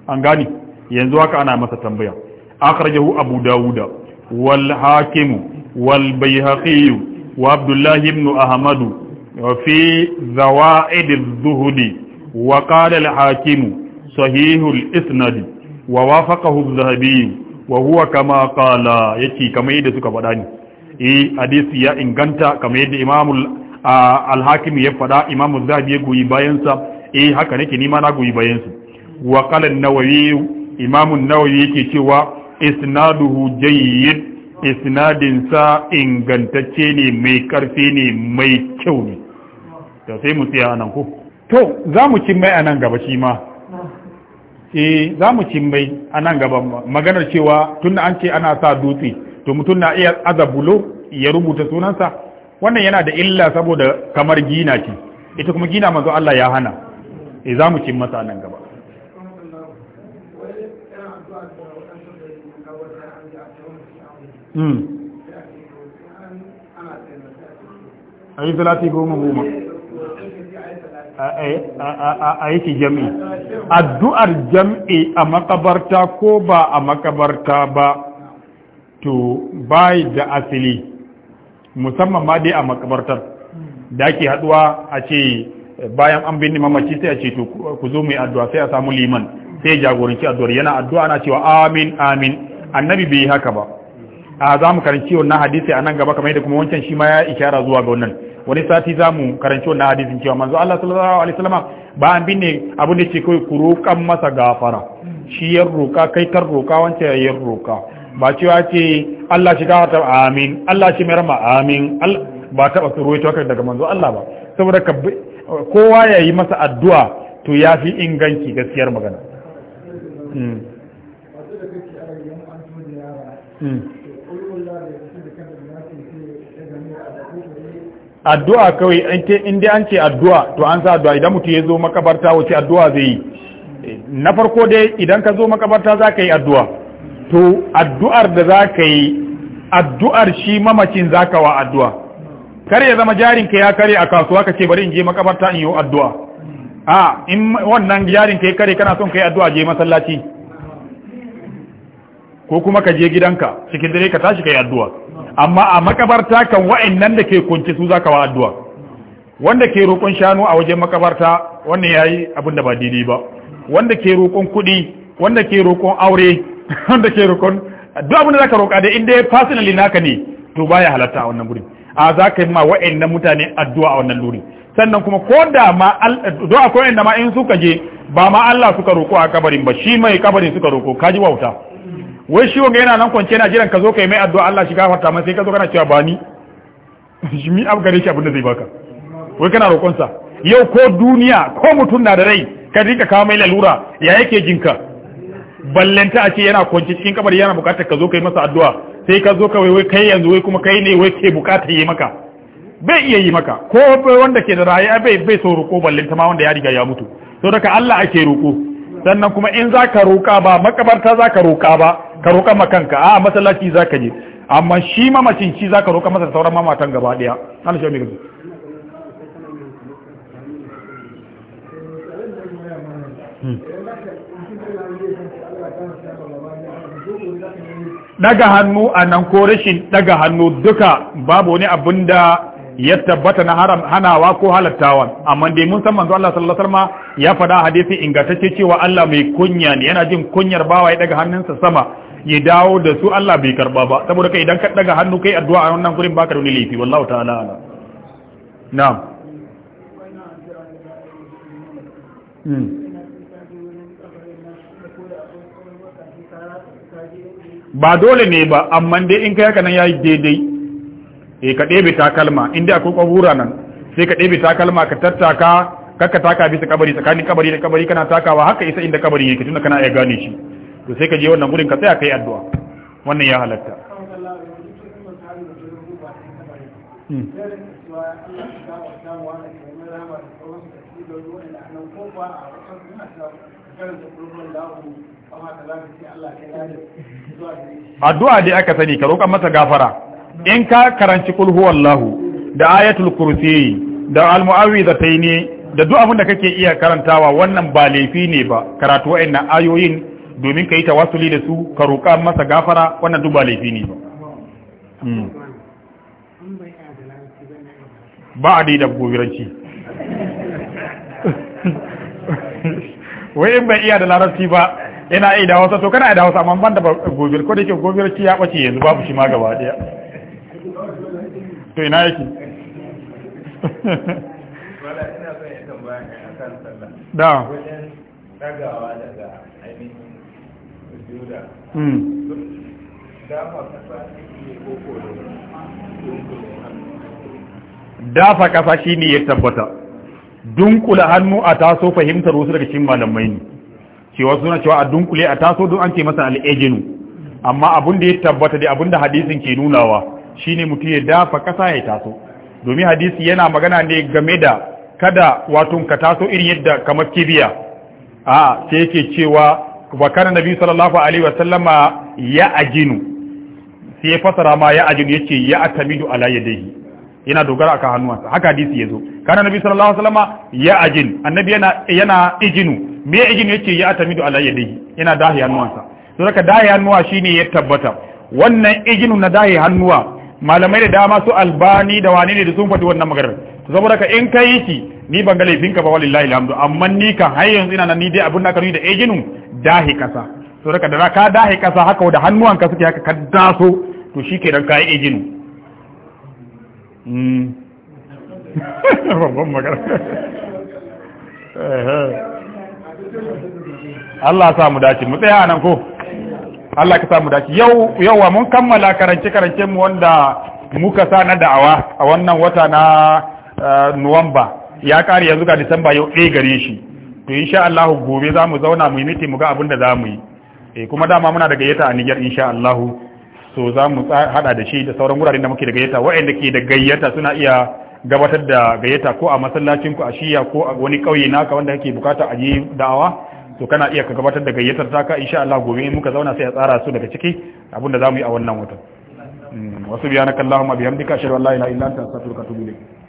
an gani yanzu haka ana masa tambaya akhrajahu abu dawuda wal hakim wal bayhaqi wa abdullah ibn ahmad fi zawaid az-zuhd wa qala al hakim sahih al isnad wa wafaqahu az-zahabi wa huwa kama qala yace kama yadda suka fada ni eh hadisi ya inganta kama yadda imamul al hakim ya faɗa imamu zahabi ya goyi bayansa eh haka nake nima na goyi bayansa wa qala an-nawawi imam an-nawawi yake cewa isnaduhu jayyid isnadin sa ingantacce ne mai karfi ne mai kyau ne to sai mu tsaya nan ko to za mu cin mai anan gaba shi ma eh za mu cin mai anan gaba maganar cewa tunda an ce ana sa dutse to mutum na iya azabulo ya rubuta sunansa wannan yana da illa saboda kamar gina ce ita kuma gina manzo Allah ya hana eh za mu cin masa nan gaba Hmm. a yi salati goma goma a yi ki jam'i addu'ar jam'i a makabarta ko ba a makabarta ba to bai da asili musamman ma dai a makabartar da ake haduwa a ce bayan an binne mamaci sai a ce to ku zo mu addu'a sai a samu liman sai jagoranci addu'ar yana addu'a na cewa amin amin annabi bai yi haka ba a za mu karanci wannan hadisi a nan gaba kamar yadda kuma wancan shi ma ya ishara zuwa ga wannan wani sati za mu karanci wannan hadisin cewa manzo Allah sallallahu alaihi wasallam ba an binne abin da yake kai ku roƙan masa gafara shi ya roƙa kai kar roƙa wancan ya roƙa ba cewa ce Allah shi gafarta amin Allah shi mai rama amin ba taɓa tsoro ita haka daga manzo Allah ba saboda ka kowa ya yi masa addu'a to ya fi inganci gaskiyar magana. Mm. addu'a kawai in dai an ce addu'a to an sa addu'a idan mutum ya zo makabarta wace addu'a zai yi na farko dai idan ka zo makabarta za ka yi addu'a to addu'ar da za ka yi addu'ar shi mamacin za ka wa addu'a kar ya zama jarinka ya kare a kasuwa ka ce bari in je makabarta in yi addu'a a in wannan jarinka ya kare kana son ka yi addu'a je masallaci ko kuma ka je gidanka cikin dare ka tashi ka yi addu'a amma a makabarta kan wa'annan da ke kunci su zaka wa addu'a wanda ke roƙon shanu a wajen makabarta wannan yayi abin da ba daidai ba wanda ke roƙon kuɗi wanda ke roƙon aure wanda ke roƙon duk abin da zaka roƙa da inda personally naka ne to baya halatta a wannan gurin a zaka yi ma wa'annan mutane addu'a a wannan luri sannan kuma ko da ma do akwai inda ma in suka je ba ma Allah suka roƙo a kabarin ba shi mai kabarin suka roƙo kaji wauta wai shi wanga yana nan kwance yana jiran ka zo kai mai addu'a Allah shi gafarta masa sai ka zo kana cewa ba ni shi mi abu gare shi abin da zai baka wai kana roƙon sa yau ko duniya ko mutum na da rai ka dinka kawo mai lalura ya yake jinka ballanta a ce yana kwance cikin kabari yana bukatar ka zo kai masa addu'a sai ka zo ka wai kai yanzu wai kuma kai ne wai ke bukatar yi maka bai iya yi maka ko wanda ke da raye bai bai so roƙo ballanta ma wanda ya riga ya mutu saboda ka Allah ake roƙo sannan kuma in zaka roƙa ba makabarta zaka roƙa ba ka roƙa ma kanka a masallaci za ka je amma shi mamacin shi za ka roƙa masa da sauran mamatan gaba ɗaya ana shi daga hmm. hannu a nan ko rashin daga hannu duka babu wani abin da ya tabbata na haram hanawa ko halattawa amma dai mun san manzo Allah sallallahu alaihi wasallam ya faɗa hadisi ingantacce cewa Allah mai kunya ne yana jin kunyar bawa ya daga hannunsa sama ya dawo da su Allah bai karba ba saboda kai idan ka daga hannu kai addu'a a wannan gurin baka da wani laifi wallahu ta'ala ala na'am hmm. ba dole ne ba amma dai in kai haka nan yayi daidai eh ka ɗebe takalma inda akwai kabura nan sai ka ta takalma ka tattaka kakka taka bisa kabari tsakanin kabari da kabari kana takawa haka isa inda kabari yake tunda kana iya gane shi to sai ka je wannan gurin ka tsaya kai addu'a wannan ya halatta hmm. addu'a dai aka sani ka roƙa masa gafara in ka karanci kul huwallahu da ayatul kursi da almu'awwidhataini da duk abin da kake iya karantawa wannan ba laifi ne ba karatu wa'annan ayoyin domin ka yi tawassuli da su ka roƙa masa gafara wannan duk ba laifi ne ba hmm. ba a da gobiranci wai in bai iya da larabci ba ina iya da wasa to kana iya da wasa amma ban da gobir ko da ke gobiranci ya ɓace yanzu babu shi ma gaba ɗaya to ina yake da wajen dagawa daga Hmm. dafa kasa shi ne ya tabbata dunkula hannu a taso fahimtar wasu daga cikin malamai ne cewa suna cewa a dunkule a taso don an ce masa al'ejinu amma abin da ya tabbata da abin da hadisin ke nunawa shine mutum ya dafa kasa ya taso domin hadisi yana magana ne game da kada wato ka taso irin yadda kamar kibiya a sai yake cewa wakar nabi sallallahu alaihi wasallama ya ajinu sai ya fasara ma ya ajinu yace ya atamidu ala yadayhi yana dogara akan hannuwansa haka hadisi yazo kana nabi sallallahu alaihi wasallama ya ajin annabi yana yana ijinu me ijinu yace ya atamidu ala yadayhi yana dahi sa to daga dahi hannuwa shine ya tabbata wannan ijinu na dahi hannuwa malamai da dama su albani da wani ne da sun faɗi wannan maganar to saboda ka in kai shi ni ban ga laifinka ba wallahi alhamdu amma ni kan har yanzu ina nan ni dai abin da ka da ejinu dahi kasa to daga da ka dahi kasa haka da hannuwanka suke haka ka daso to shi ke ka yi ejinu hmm. babban magana Allah sa mu dace mu tsaya nan ko Allah ka sa mu dace yau wa mun kammala karance karance mu wanda muka sa na da'awa a wannan wata na eh, Nuwamba ya kare yanzu ga Disamba yau ɗaya gare shi to insha Allah gobe za mu zauna mu yi miti mu ga abin da za mu yi eh kuma dama muna da gayyata a Niger insha Allah so za mu hada da shi da sauran wuraren da muke da gayyata waɗanda ke da gayyata suna iya gabatar da gayyata ko a masallacin ku a shiya ko a wani ƙauye naka wanda kake bukata a yi da'awa to kana iya ka gabatar da gayyatar taka insha Allah gobe in muka zauna sai a tsara su daga ciki abin da za mu yi a wannan watan hmm. wasu biyanakallahumma bihamdika ashhadu an la ilaha illa anta astaghfiruka wa atubu ilayk